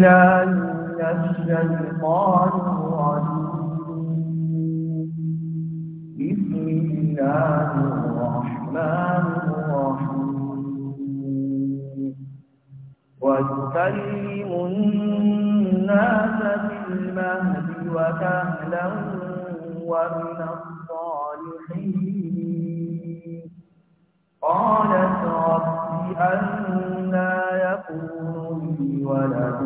بالله من الشيطان الرجيم بسم الله الرحمن الرحيم ويكلم الناس بالمهد وكهلا ومن الصالحين قالت رب أنا يكون لي ولد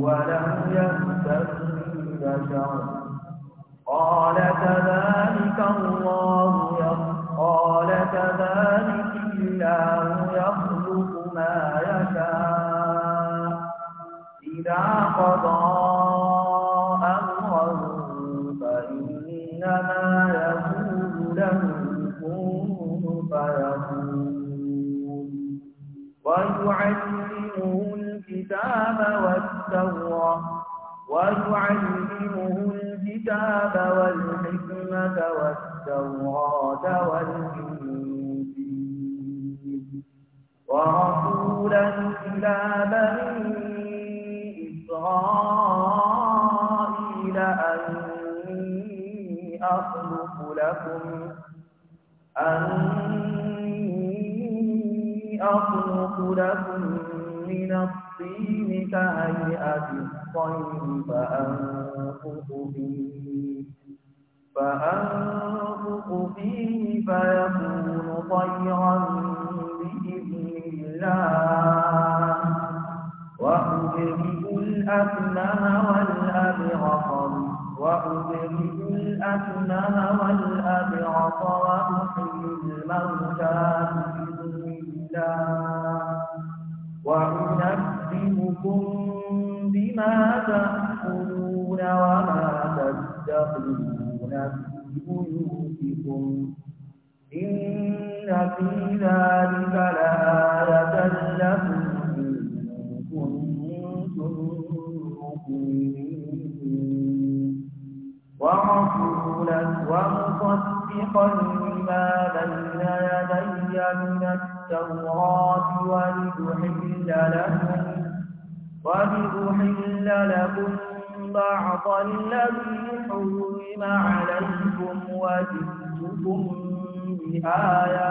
ولم يمسسني بشر قال كذلك الله قال كذلك الله يخلق ما يشاء إذا قضى والتوراة ويعلمه الكتاب والحكمة والتوراة والإنجيل ورسولا إلى بني إسرائيل أني أخلق لكم أني أخلق لكم من الطيب الطين كهيئة الطير فأنفق فيه فأنفق فيه فيكون طيرا بإذن الله وأبرئ الأكمه والأبرص وأبرئ الأكمه والأبرص وأحيي الموتى بإذن الله وأنبئ أعلمكم بما تأكلون وما تتقون في بيوتكم إن في ذلك لآية لكم إن كنتم ومصدقا لما بين يدي من التوراة ولتحل لكم قد أحل لكم بعض الذي حرم عليكم وجدتكم بآية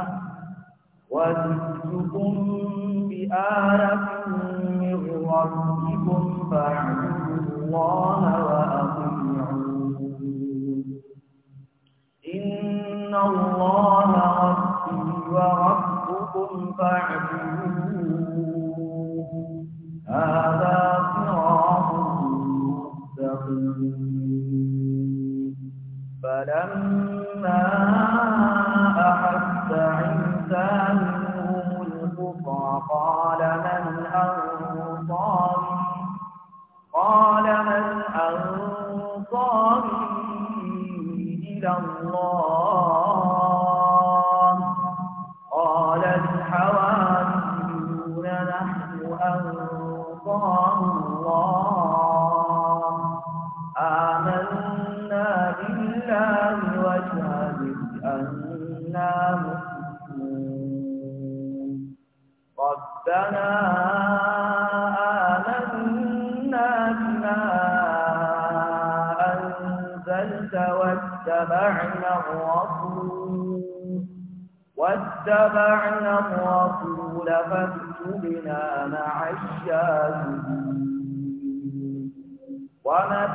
وجدتكم بآية من ربكم فاعبدوا الله وأطيعون إن الله ربي وربكم فاعبدوه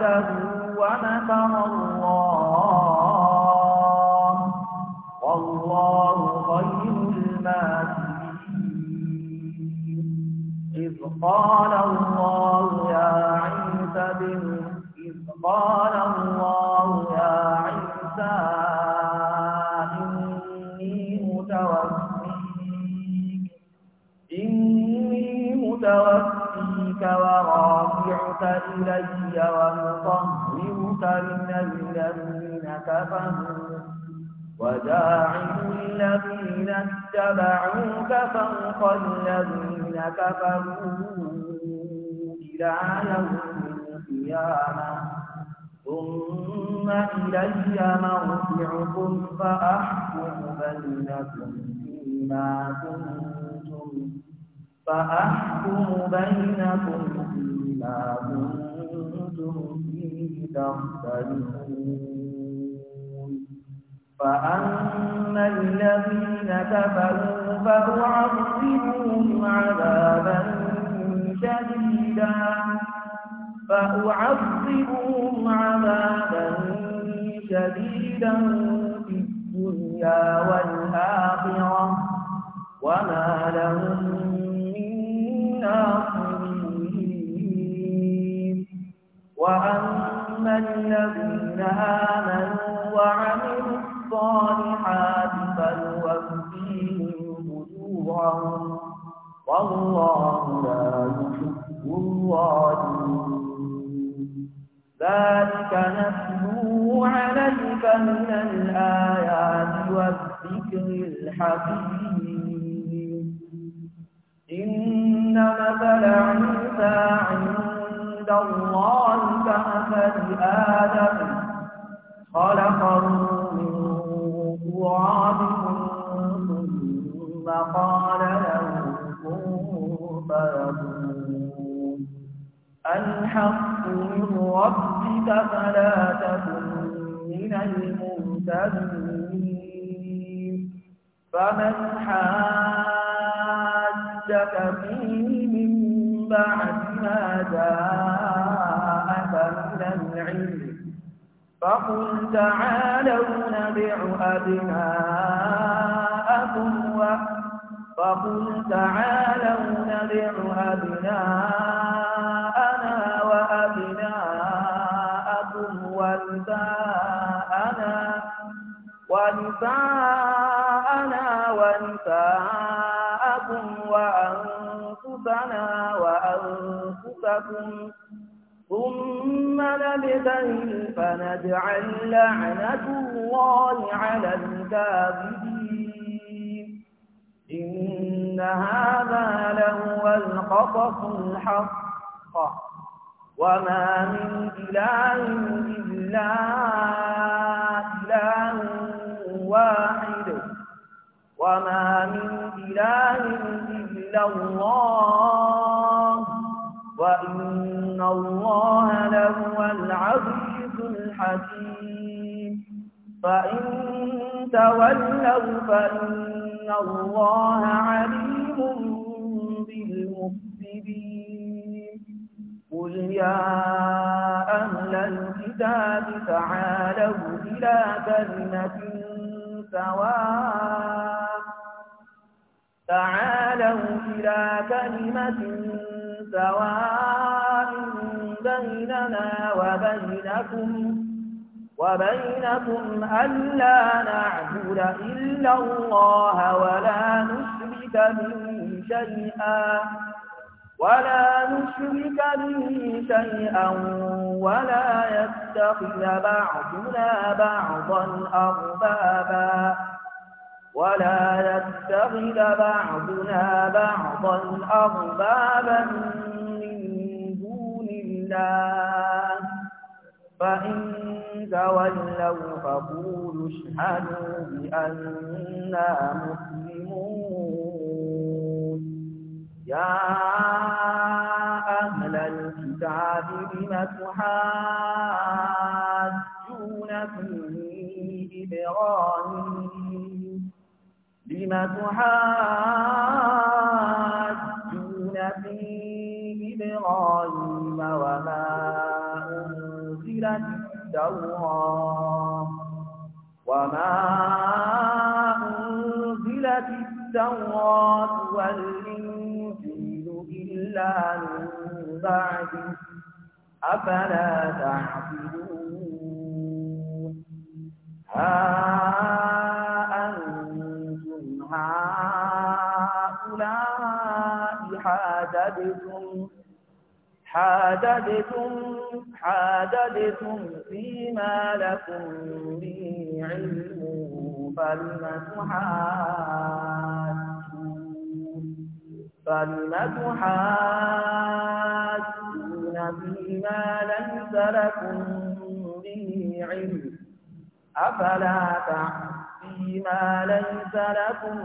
وعده ومكر الله والله خير الماكرين كفروا الذين اتبعوك فوق الذين كفروا إلى يوم القيامة ثم إلي مرجعكم فأحكم بينكم فيما كنتم فأحكم بينكم فيما كنتم فيه تختلفون فأما الذين كفروا فأعذبهم عذابا شديدا فأعذبهم عذابا شديدا في الدنيا والآخرة وما لهم من ناصرين وأما الذين آمنوا وعملوا الصالحات فنوفيهم أجورهم والله لا يحب الظالمين ذلك نتلوه عليك من الآيات والذكر الحكيم إن مثل عيسى عند الله كمثل آدم خلقه من ثم قال له كن الحق من ربك فلا تكن من المهتدين فمن حاجك فيه من بعد ما جاءك من العلم فقل تعالوا نبع أبناءكم و... فقل تعالوا نبع أبناءنا وأبناءكم ونساءنا ونساءنا ونساءنا كاذبا فنجعل لعنة الله على الكاذبين إن هذا لهو القصص الحق وما من إله إلا إله واحد وما من إله إلا الله وإن الله لهو العزيز الحكيم فإن تولوا فإن الله عليم بالمفسدين قل يا أهل الكتاب تعالوا إلى كلمة سواء تعالوا إلى كلمة سواء بيننا وبينكم وبينكم ألا نعبد إلا الله ولا نشرك به شيئا ولا نشرك به شيئا ولا يتخذ بعضنا بعضا أربابا ولا يتخذ بعضنا بعضا أربابا من دون الله فإن تولوا فقولوا اشهدوا بأننا مسلمون يا أهل الكتاب بم تحاجون في إبراهيم لما تحاجون في إبراهيم وما أنزلت التوراة وما أنزلت التوراة والإنجيل إلا من بعده أفلا تعقلون حاددتم حاددتم حاددتم فيما لكم به علم فلم فلم تحاجون فيما ليس لكم به علم أفلا فيما ليس لكم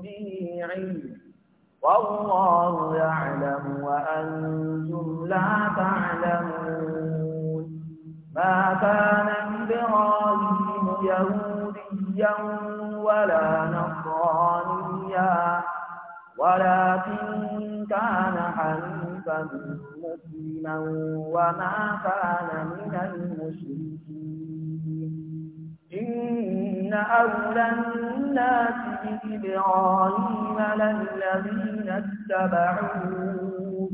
به علم والله يعلم وأنتم لا تعلمون ما كان إبراهيم يهوديا ولا نصرانيا ولكن كان حنيفا مسلما وما كان من المشركين إن أولى الناس بإبراهيم للذين اتبعوه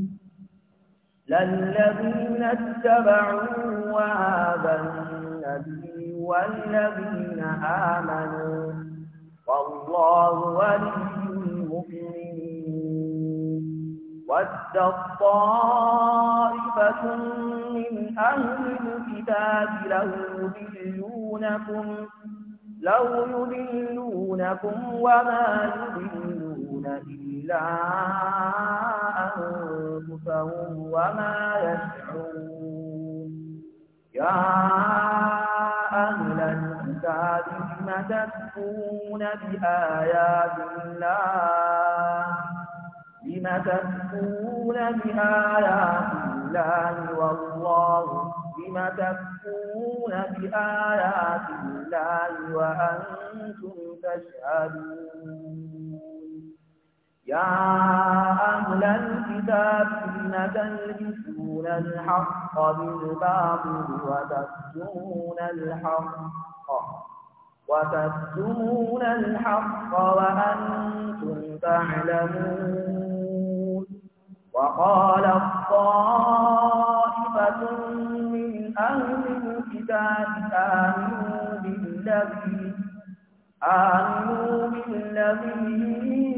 للذين اتبعوه وهذا النبي والذين آمنوا والله ولي المؤمنين ود الطائفة من أهل الكتاب لو يضلونكم لو يذلونكم وما يذلون إلا أنفسهم وما يشعرون يا أهل الكتاب لم تكفرون بآيات الله لم تكفرون بآيات الله والله لم تَكْفُرُونَ بِآيَاتِ اللَّهِ وَأَنْتُمْ تَشْهَدُونَ يَا أَهْلَ الْكِتَابِ لِمَ تَلْبِسُونَ الْحَقَّ بِالْبَاطِلِ وَتَكْتُمُونَ الْحَقَّ وتكتمون الحق وأنتم تعلمون وقال الطالب من أهل الكتاب آمنوا بالذي آمنوا بالذي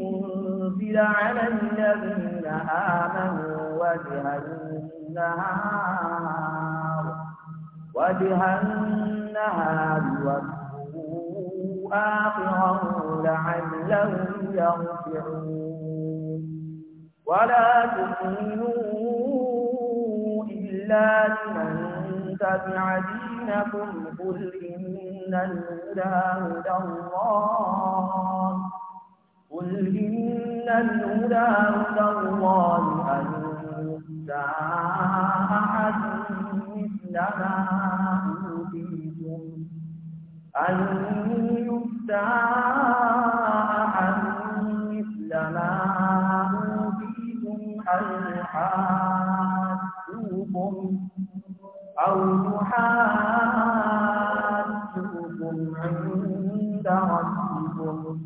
أنزل على الذين آمنوا وجه النهار وجه النهار واكفروا آخره لعلهم يرجعون ولا تؤمنون لله من تبع دينكم قل إن الهدى هدى الله قل إن الهدى هدى الله أن يؤتى أحد مثل ما أوتيتم أن يؤتى أحد مثل ما أوتيتم الحال منكم أو يحاجوكم عند ربكم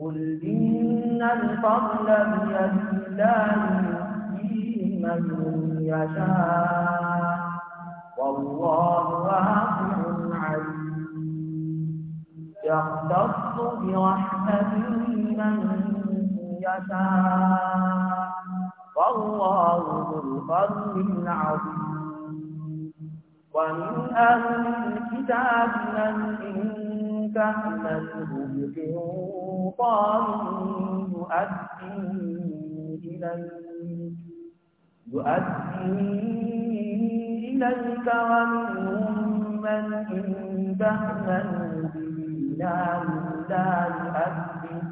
قل إن الفضل بيد الله يؤتيه من يشاء والله واسع عليم يختص برحمته من يشاء والله ذو الفضل العظيم ومن أهل الكتاب من إن تحمله بقنطار يؤدي إليك يؤدي إليك ومنهم من إن تحمله بدينار لا يؤدي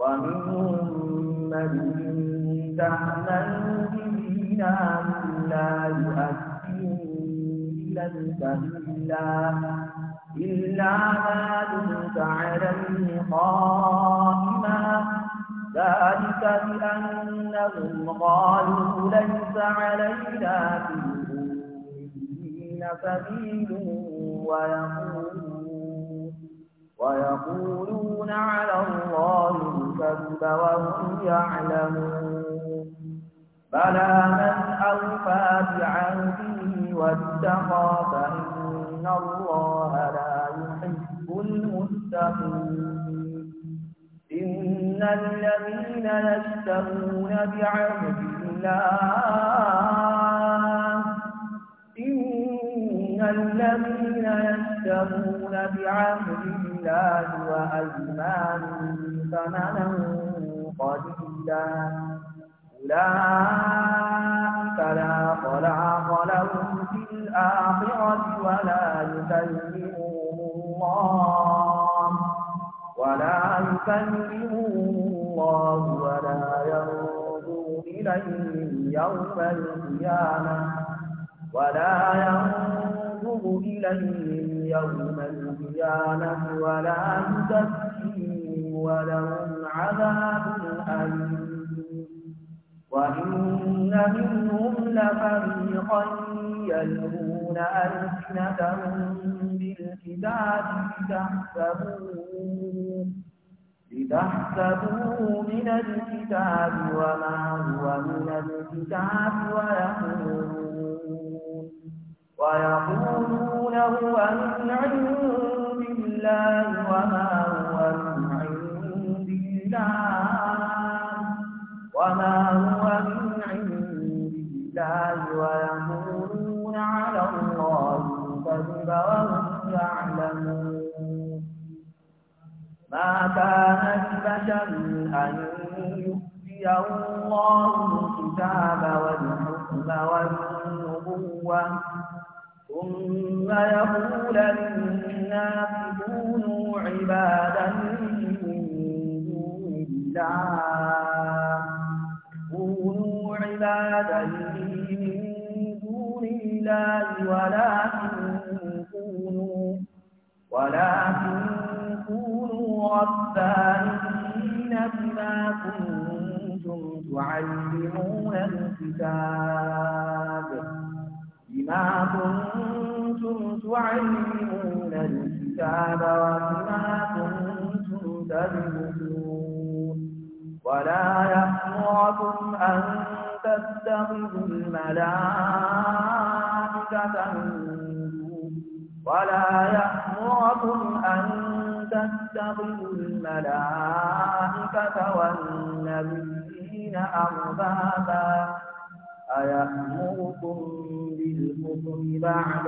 ومنهم من تحمل بنا لا يؤدي إليك إلا إلا ما دمت عليه قائما ذلك بأنهم قالوا ليس علينا في الأمين سبيل ويقولون ويقولون على الله الكذب وهم يعلمون بلى من أوفى بعهده واتقى فإن الله لا يحب المتقين إن الذين يشتهون بعهد الله الذين يشترون بعهد الله وأيمانهم ثمنا قليلا أولئك لا خلاق لهم في الآخرة ولا يكلمهم الله ولا يكلمهم الله ولا ينظر إليهم يوم القيامة ولا ينظر ينظر إليهم يوم القيامة ولا يزكيهم ولهم عذاب أليم وإن منهم لفريقا يلهون ألسنتهم بالكتاب لتحسبوه لتحسبوه من الكتاب وما هو من الكتاب ويقولون ويقولون هو من عند الله وما عبادا من دون الله ولكن كونوا ولكن كونوا ربانيين بما كنتم تعلمون الكتاب بما كنتم تعلمون الكتاب وبما كنتم تدرسون ولا يأمركم أن تتخذوا الملائكة ولا يأمركم أن تتخذوا الملائكة والنبيين أربابا أيأمركم بالكفر بعد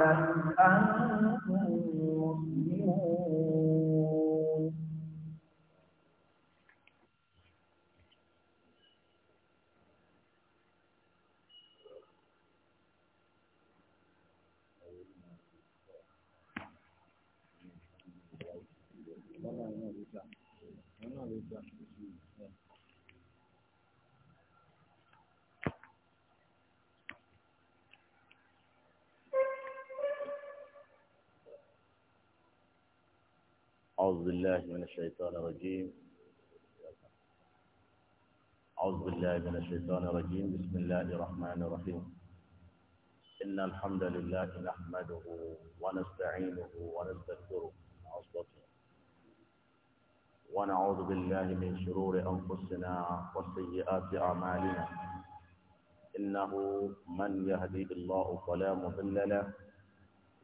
أن أنتم مسلمون أعوذ بالله من الشيطان الرجيم أعوذ بالله من الشيطان الرجيم بسم الله الرحمن الرحيم إن الحمد لله نحمده ونستعينه ونستغفره ونستغفره ونعوذ بالله من شرور أنفسنا وسيئات أعمالنا إنه من يهدي الله فلا مضل له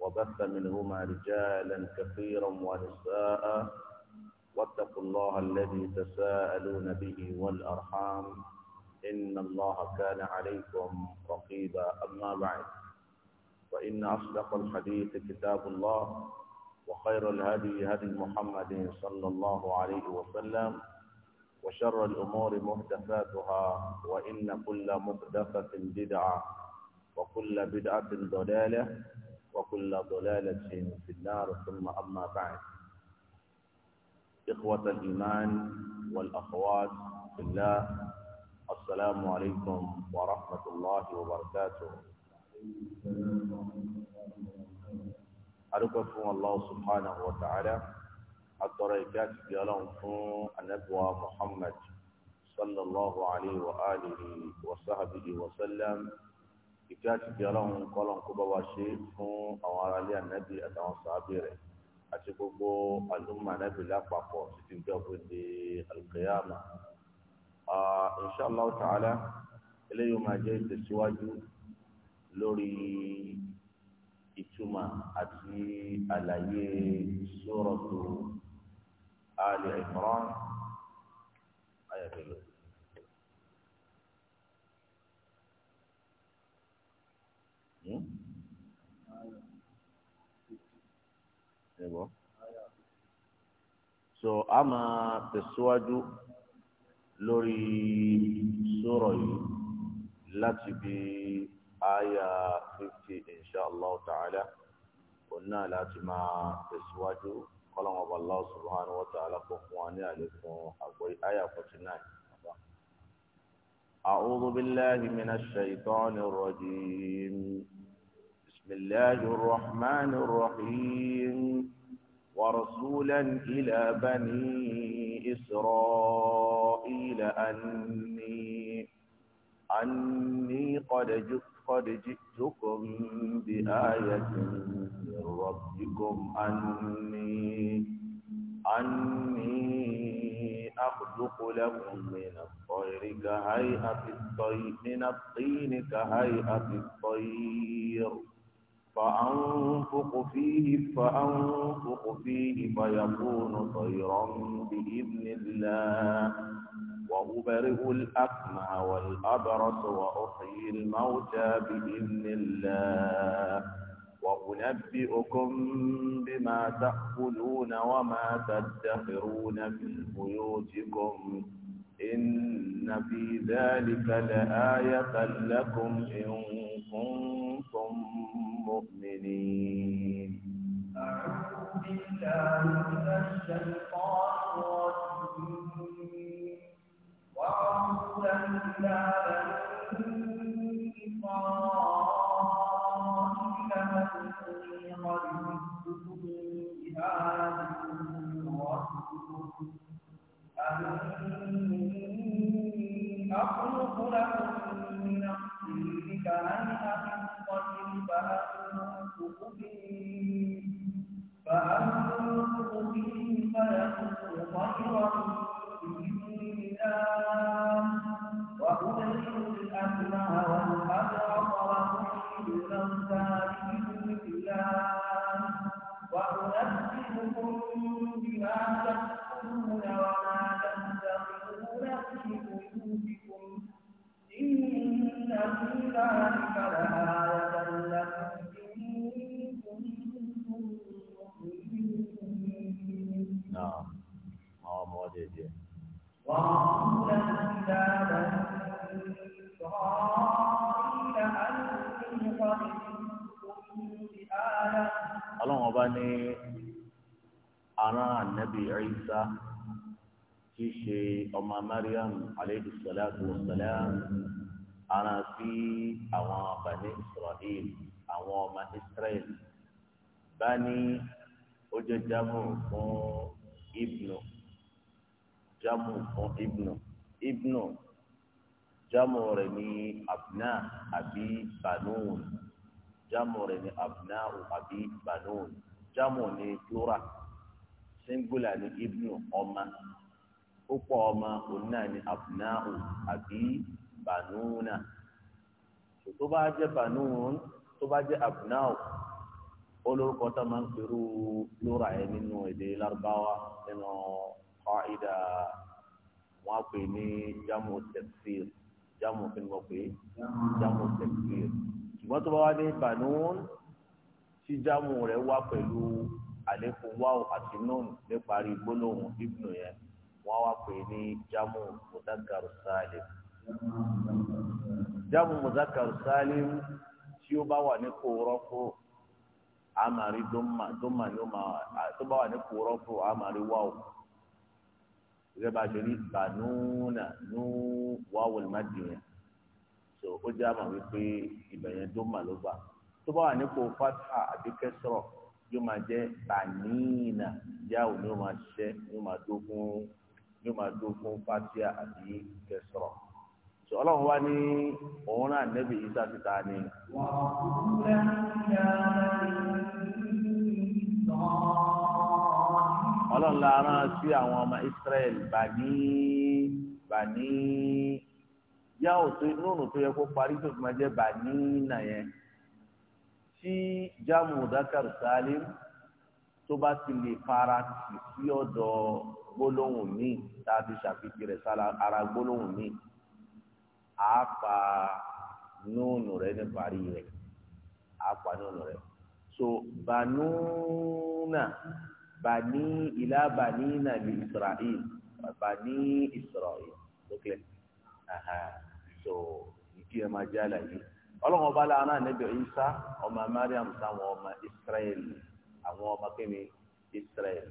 وبث منهما رجالا كثيرا ونساء واتقوا الله الذي تساءلون به والأرحام إن الله كان عليكم رقيبا أما بعد فإن أصدق الحديث كتاب الله وخير الهدي هدي محمد صلى الله عليه وسلم وشر الأمور محدثاتها وإن كل محدثة بدعة وكل بدعة ضلالة وكل ضلالة في النار ثم أما بعد إخوة الإيمان والأخوات في الله السلام عليكم ورحمة الله وبركاته أرجوكم الله سبحانه وتعالى التركات بيلون النبوة محمد صلى الله عليه وآله وصحبه وسلم ìkẹ́ àti ìdí ọlọ́run kọ́lọ́n kó bá wa ṣe fún àwọn aráalé ànábì àtàwọn sàábì rẹ̀ àti gbogbo àlùmọ̀ ànábì lápapọ̀ títí dọ́gbé di alùkẹ́yàmà. inṣàlá ta'ala eléyìí máa jẹ́ ìtẹ̀síwájú lórí ìtumọ̀ àti àlàyé sórọ̀tù Al Imran ayàtọ̀lọ́tù. ẹ̀wọ́. so a máa tẹ̀síwájú lórí sọ̀rọ̀ yìí láti bí àyà fifty inshallah ta'ala òun láti máa tẹ̀síwájú Allah subhanahu wa ta'ala fún wa ní àlékún àyà forty nine. أعوذ بالله من الشيطان الرجيم بسم الله الرحمن الرحيم ورسولا إلى بني إسرائيل أني أني قد جئت قد جئتكم بآية من ربكم أني أني أخلق لكم من الطير كهيئة الطير من الطين كهيئة الطير فأنفق فيه فأنفق فيه فيكون طيرا بإذن الله وأبرئ الأكمع والأبرص وأحيي الموتى بإذن الله وأنبئكم بما تأكلون وما تدخرون في بيوتكم إن في ذلك لآية لكم إن كنتم مؤمنين أعوذ بالله من الشيطان الرجيم وعودا إلى rán sí àwọn bani israel àwọn ọmọ israel bá ní ojú jamu fún ibnu jamu fún ibnu ibnu jamu rẹ ní abna àbí banun jamu rẹ ní abna àbí banun jamu ní plural singular ní ibnu ọmọ púpọ̀ ọmọ òun náà ní abna'u àbí bànúnà tó bá jẹ́ bànún tó bá jẹ́ abnáwò olórúkọ tó máa ń pẹ̀lú lóra ẹ nínú èdè lárúbáwá nínú qaida wọn á pè ní jamu tafsir jamu kí ni wọ́n pè jamu tafsir ṣùgbọ́n tó bá wá ní bànún tí jamu rẹ̀ wá pẹ̀lú àlékún wáwò àti nọ́ọ̀n níparí gbólóhùn ibnu yẹn wọ́n á wá pè ní jamu mudakar salim jáàmù muzakar salim tí ó bá wà ní kórópò àmàrí dómà dómà ni ó máa tó bá wà ní kórópò àmàrí wáwò gẹ́gẹ́ bá a ṣe rí bànúnà nú wáwò lẹ́mádìyàn so ó jẹ́ àmà wípé ìbẹ̀yẹn dómà ló gbà tó bá wà nípò fata àbí kẹsọrọ yóò máa jẹ bàníìnà yáwò ni ó máa ṣiṣẹ́ ni ó máa dó ni ó máa dó fún fatia àbí ọlọ́run wá ní òun náà nẹ́bí isa síta ni. ọlọ́run la rán sí àwọn ọmọ Israel bani bani yá òtún lónìí tó yẹ kó parí tó fi máa jẹ bani nà yẹn tí jámù dakar salim tó bá ti lè fara tì sí ọ̀dọ̀ gbólóhùn míì tá a ti ṣàfihàn rẹ̀ sára ara gbólóhùn míì á pa núùnù rẹ ní parí rẹ á pa núùnù rẹ so banúnà bani ilá banínà li israel bani israel lókè so ìdí ẹ máa jẹ́ àlàyé ọlọ́run ọba láàánú ànábì Ìsá ọmọ mariam sáwọn ọmọ israel àwọn ọmọ kẹ́mi israel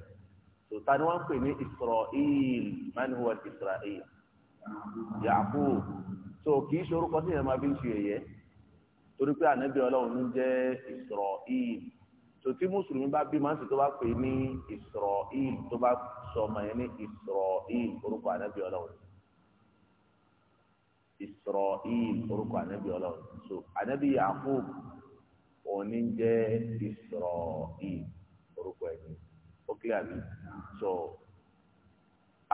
so ta ni wọ́n ń pè ní israel man huwa israel yaakub so kì í ṣe orúkọ tí èèyàn máa fi ń ṣe ẹ̀yẹ torí pé ànábì ọlọ́run ń jẹ́ Isra'il tó tí mùsùlùmí bá bí màá sì tó bá pè é ní Isra'il tó bá sọ ọmọ yẹn ní Isra'il orúkọ ànábì ọlọ́run Isra'il orúkọ ànábì ọlọ́run so ànábì Yaqub òun ní jẹ́ Isra'il orúkọ ẹ̀ ní ó kílẹ̀ àbí so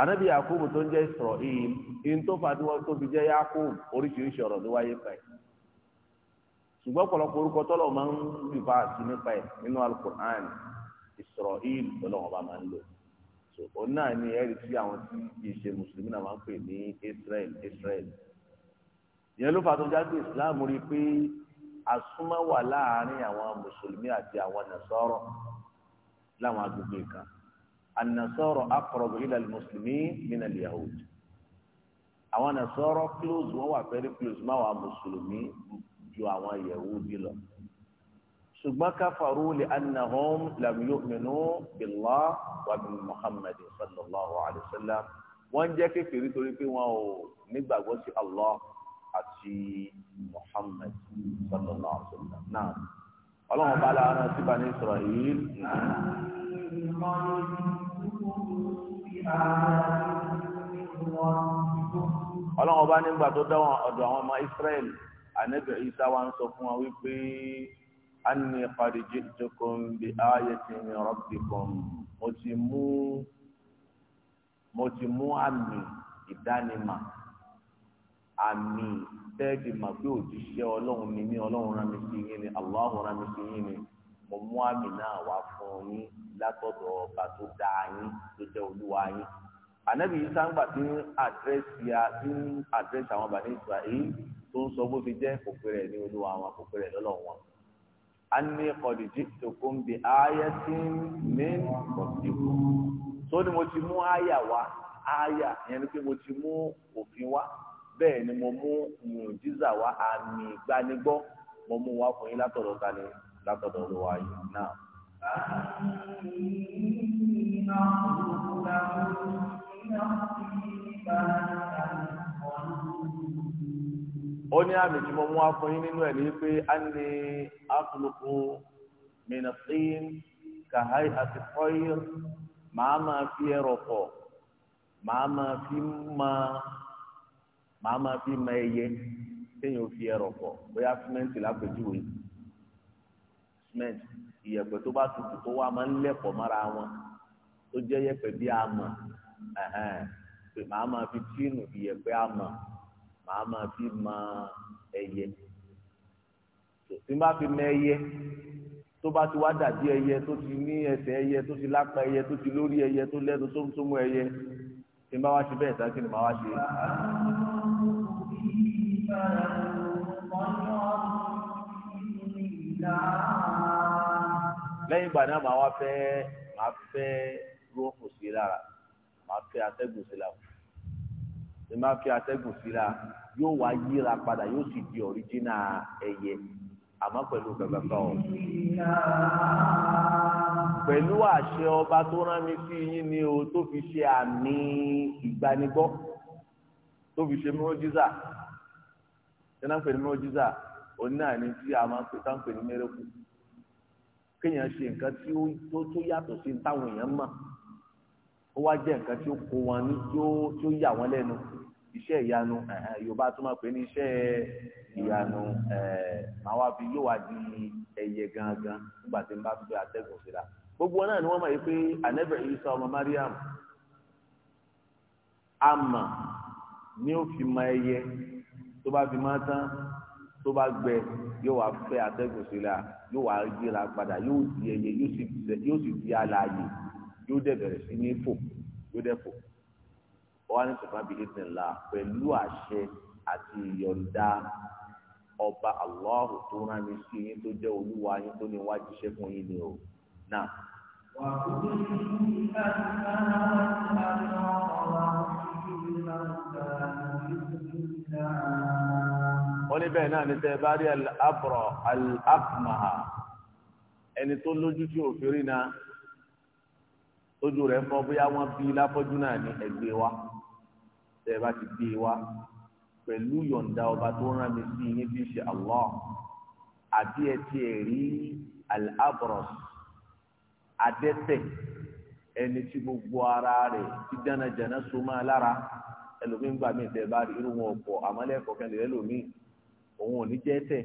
anabi yakubu tó ń jẹ́ israel in tó fà tiwọn tó fi jẹ́ yakubu oríṣiríṣi ọ̀rọ̀ ló wáyé pa ẹ ṣùgbọ́n ọ̀pọ̀lọpọ̀ orúkọ tọ́lọ̀ máa ń bìbá àti nípa ẹ nínú alukur'an israel tọ́lọ̀ wọn bá máa ń lò so òun náà ni ẹ̀rí tí àwọn tí kì í ṣe mùsùlùmí náà máa ń pè ní israel israel ìyẹn ló fà tó já pé islam rí i pé àsúnmọ́ wà láàárín àwọn mùsùlùmí àti àwọn nàṣọ́rọ̀ láwọn agbègbè kan ànàsọrọ akọrọbù ilà mùsùlùmí mìnà yahud àwọn ànàsọrọ close wọn wà very close má wà mùsùlùmí ju àwọn yahudi lọ ṣùgbọ́n káfàrú lè anahom lam yu'minu billah wa bi muhammad sallallahu alayhi wa sallam wọ́n jẹ́ kékeré torí pé wọ́n ò nígbàgbọ́ sí allah àti muhammad sallallahu alayhi wa sallam náà ọlọ́run bá lára sí Bani Israel. ọlọ́run ọba nígbà tó dáwọn ọ̀dọ̀ àwọn ọmọ Israẹli ànábì isa wa ń sọ fún wa wípé a qad ji'tukum bi ayatin min rabbikum mo ti mú mo ti mú àmì ìdánimọ̀ àmì tẹ́ẹ̀dì mà pé òjíṣẹ́ ọlọ́run ni mí ọlọ́run rán mi sí yín ni mi sí yín ni mo mú àmì náà wá látọ̀dọ̀ ọba tó dá yín tó jẹ́ olúwa yín ànábì yìí sáńgbà tí ń àdírẹ́sì tí ń àdírẹ́sì àwọn bàbá ìsúra èyí tó ń sọ bó ti jẹ́ kò pé rẹ̀ ní olúwa wọn kò pé rẹ̀ lọ́lọ́ wọn. a ní kọ̀dìjì tó kó ń bi ayé tí ń mí kọ̀dìjì tó ni mo ti mú àyà wá àyà yẹn ni pé mo ti mú òfin wá bẹ́ẹ̀ ni mo mú mùjíza wá àmì ìgbanigbọ́ mo mú wá fún yín látọ̀dọ̀ ta ni látọ̀dọ̀ olúwa yìí náà. ó ní àmì tí mo mú wá fún yín nínú ẹ̀ ní pé a ní akuluku mìnàfín kàháì àti fọ́yìr màá máa fi ẹrọ̀fọ̀ màá máa fi máa màá máa fi máa ẹyẹ téèyàn fi bóyá lápèjúwe ìyẹ̀pẹ̀ tó bá tutù tó wá máa ń lẹ̀pọ̀ mọ́ra wọn tó jẹ́ yẹ̀pẹ̀ bí amọ̀ pé màá máa fi tínú ìyẹ̀pẹ̀ amọ̀ màá máa fi mọ ẹyẹ tí n bá fi mọ ẹyẹ tó bá ti wá dàbí ẹyẹ tó ti ní ẹsẹ̀ ẹyẹ tó ti lápá ẹyẹ tó ti lórí ẹyẹ tó lẹ́nu tó ń tó mú ẹyẹ tí n bá wá ṣe bẹ́ẹ̀ sáà kí ni màá wá ṣe. Yeah lẹ́yìn ìgbà náà màá wá fẹ́ màá fẹ́ róòmù sí lára màá fẹ́ atẹ́gùn sí lára ṣe máa fi atẹ́gùn sí lára yóò wá yíra padà yóò sì di ọ̀ríjínà ẹyẹ àmọ́ pẹ̀lú kẹ̀kẹ́kẹ́ o. pẹ̀lú àṣẹ ọba tó rán mi sí yín ni o tó fi ṣe àmì ìgbanigbọ́ tó fi ṣe mọ́jísà ṣe náà pè ní mọ́jísà òun náà tí a máa ń pè tá ń pè ní mẹ́rẹ́kù kéèyàn ṣe nǹkan tí ó tó tó yàtọ̀ sí táwọn èèyàn mọ̀ ó wá jẹ́ nǹkan tí ó kó wọn ní tí ó tí ó yà wọ́n lẹ́nu iṣẹ́ ìyanu yorùbá tó máa pè ní iṣẹ́ ìyanu màá wá fi yóò wá di ẹyẹ gangan nígbà tí n bá fi atẹ́gùn sí la gbogbo náà ni wọ́n mọ̀ yìí pé anẹ́bẹ̀ Ìsá ọmọ Mariam àmà ni ó fi mọ ẹyẹ tó bá fi máa tán tó bá gbẹ yóò wá fẹ́ atẹ́gùn sílá yóò wá yíra padà yóò di ẹyẹ yóò sì di alààyè yóò dẹ̀ bẹ̀rẹ̀ sí ní fò yóò dẹ̀ fò wọn ní sọfà bíi ètò ńlá pẹ̀lú àṣẹ àti ìyọ̀ǹda ọba Allahu tó rán mi sí yín tó jẹ́ olúwa yín tó ní wájú iṣẹ́ fún yín ni o náà. wà á kúrò ní ìgbà tí wọn náà wọn ti máa ń lọ ọ̀rọ̀ àwọn ìdílé náà gbà ní ìdílé náà wọ́n ní bẹ́ẹ̀ náà ní tẹ́ bá rí al-abra al-aqmaha ẹni tó lójú tí ò fi rí na tójú rẹ̀ fọ́ bóyá wọ́n bí láfọ́jú náà ní ẹgbẹ́ wa tẹ́ bá ti bí wa pẹ̀lú yọ̀ǹda ọba tó rán mi sí yín bí ṣe Allah àti ẹ ti ẹ̀ rí al-abros ẹni tí gbogbo ara rẹ̀ ti dáná jẹ̀ná so máa lára ẹlòmíín gbà tẹ́ bá rí irú wọn ọ̀pọ̀ àmọ́lẹ́kọ̀ọ́kẹ́ lè ẹlòmíín. òun ò ní jẹ́ ẹsẹ̀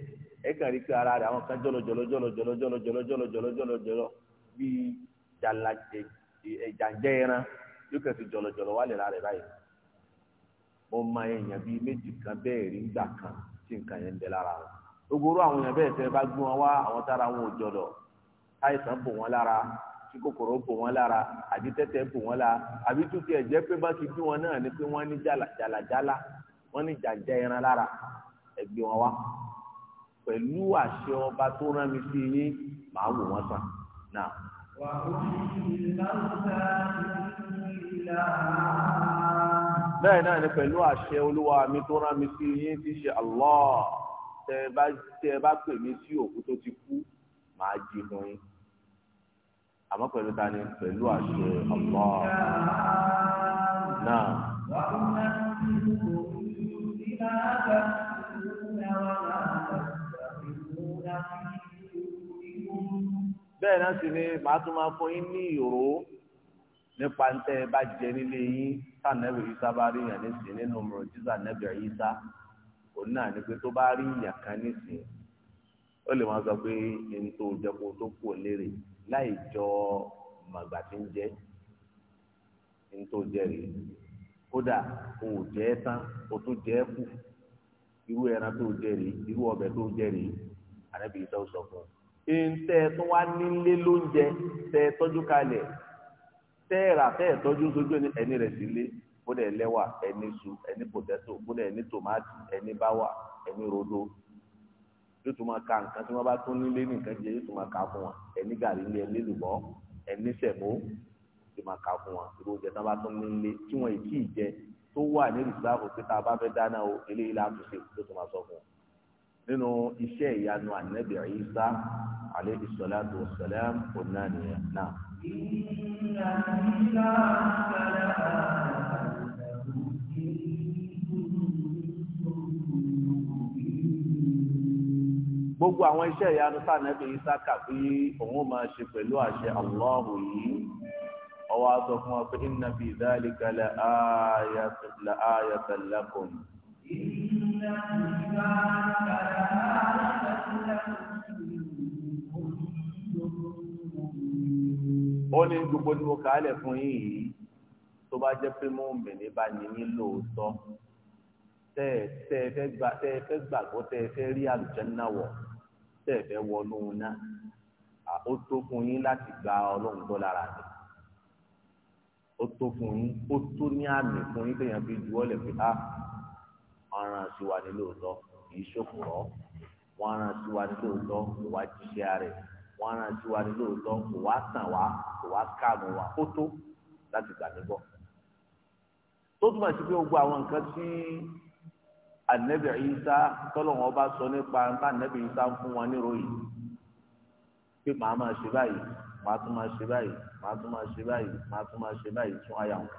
ẹ kàn pé ara rẹ̀ àwọn kan jọlọ jọlọ jọlọ jọlọ jọlọ jọlọ jọlọ jọlọ jọlọ jọlọ bíi ẹran yóò jọlọ jọlọ wálé báyìí mo máa kan bẹ́ẹ̀ rí gbà kan tí nǹkan yẹn ń bẹ lára ogoro àwọn èèyàn bẹ́ẹ̀ bá gbọ́n wá àwọn tára wọn ò jọlọ àìsàn bò wọ́n lára tí kòkòrò bò wọ́n lára àbí tẹ́tẹ́ bò wọ́n lára ẹgbẹ́ wọn wá pẹ̀lú àṣẹ ọba tó rán mi sí yín màá wò wọ́n sàn náà. wà á kó yìí lọ́sà ìlà. bẹ́ẹ̀ náà ni pẹ̀lú àṣẹ olúwa mi tó rán mi sí yín ti ṣe Allah tẹ ẹ bá tẹ ẹ bá pè mí sí òkú tó ti kú màá jí fún yín àmọ́ pẹ̀lú ta ni pẹ̀lú àṣẹ Allah náà. wà á kó yìí lọ́sà ìlà. bẹ́ẹ̀ náà sì ni màá tún máa fún yín ní ìró nípa ntẹ́ ẹ bá jẹ nílé yín sànẹ́bì Ìsá bá rí yàn nísìn nínú mùrọ̀jísà nẹ́bì Ìsá òun náà ni pé tó bá rí yàn kan nísìn ó lè máa sọ pé ẹni tó jẹ kó tó kú lérè láì jọ màgbà tí ń jẹ ẹni tó jẹ rèé kódà o ò jẹ ẹ tán o tún jẹ ẹ kù irú ẹran tó jẹ rèé irú ọbẹ̀ tó jẹ rèé ànẹ́bì Ìsá sọ fún un ntẹ tó wá nílé lóúnjẹ tẹ tọ́jú kalẹ̀ tẹ rà tẹ tọ́jú sójú ẹni rẹ sílé bóde ẹlẹ́wà ẹni su ẹni potato bóde ẹni tomati ẹni báwà ẹni rodo yóò tún máa ka nǹkan tí wọn bá tún nílé nìkan jẹ yóò tún máa ka fún wọn ẹni gàrí ní ẹni lùbọ ẹni sẹmó yóò máa ka fún wọn irú oúnjẹ tí wọn bá tún nílé tí wọn ì tí jẹ tó wà ní rìsáàfù pé tá a bá fẹ́ dáná o eléyìí láti ṣe yóò tún máa sọ fún wọn. nínú iṣẹ́ ìyanu ànábì Ìsá alayhi salam ọ̀nà nìyẹn náà. gbogbo àwọn iṣẹ́ ìyanu sànẹ́bí Ìsákà bí òun máa ṣe pẹ̀lú àṣẹ Allahu yìí ọwọ́ aṣọ fún wa pé inna fi dhalika la ó ní gbogbo tí mo kà á lẹ̀ fún yín yìí tó bá jẹ́ pé mo mẹ̀lẹ́ bá ní ní lóòótọ́ tẹ́ ẹ tẹ́ ẹ fẹ́ gbà tẹ́ ẹ fẹ́ gbàgbọ́ tẹ́ ẹ fẹ́ rí àlùjánnà wọ̀ tẹ́ ẹ fẹ́ wọnú náà ó tó fún yín láti gba ọlọ́run gbọ́ lára mi ó tó fún yín ó tó ní àmì fún yín téèyàn fi juwọ́ lẹ̀ pé á ah, wọ́n rán sí wa ní lóòótọ́ kì í ṣòkòrọ́ wọ́n rán sí wa ní lóòótọ́ kò wá jíṣẹ́ rẹ̀ wọ́n rán sí wa ní lóòótọ́ kò wá tàn wá kò wá káàmù wa ó tó láti gbà mí gbọ́. tó túmọ̀ sí pé gbogbo àwọn nǹkan tí ànẹ́bì Ìsá tọ́lọ́wọ́n bá sọ nípa nípa ànẹ́bì Ìsá ń fún wọn níròyìn pé màá máa ṣe báyìí màá tún máa ṣe báyìí màá tún máa ṣe báyìí màá tún máa ṣe báyìí tún àyà wọn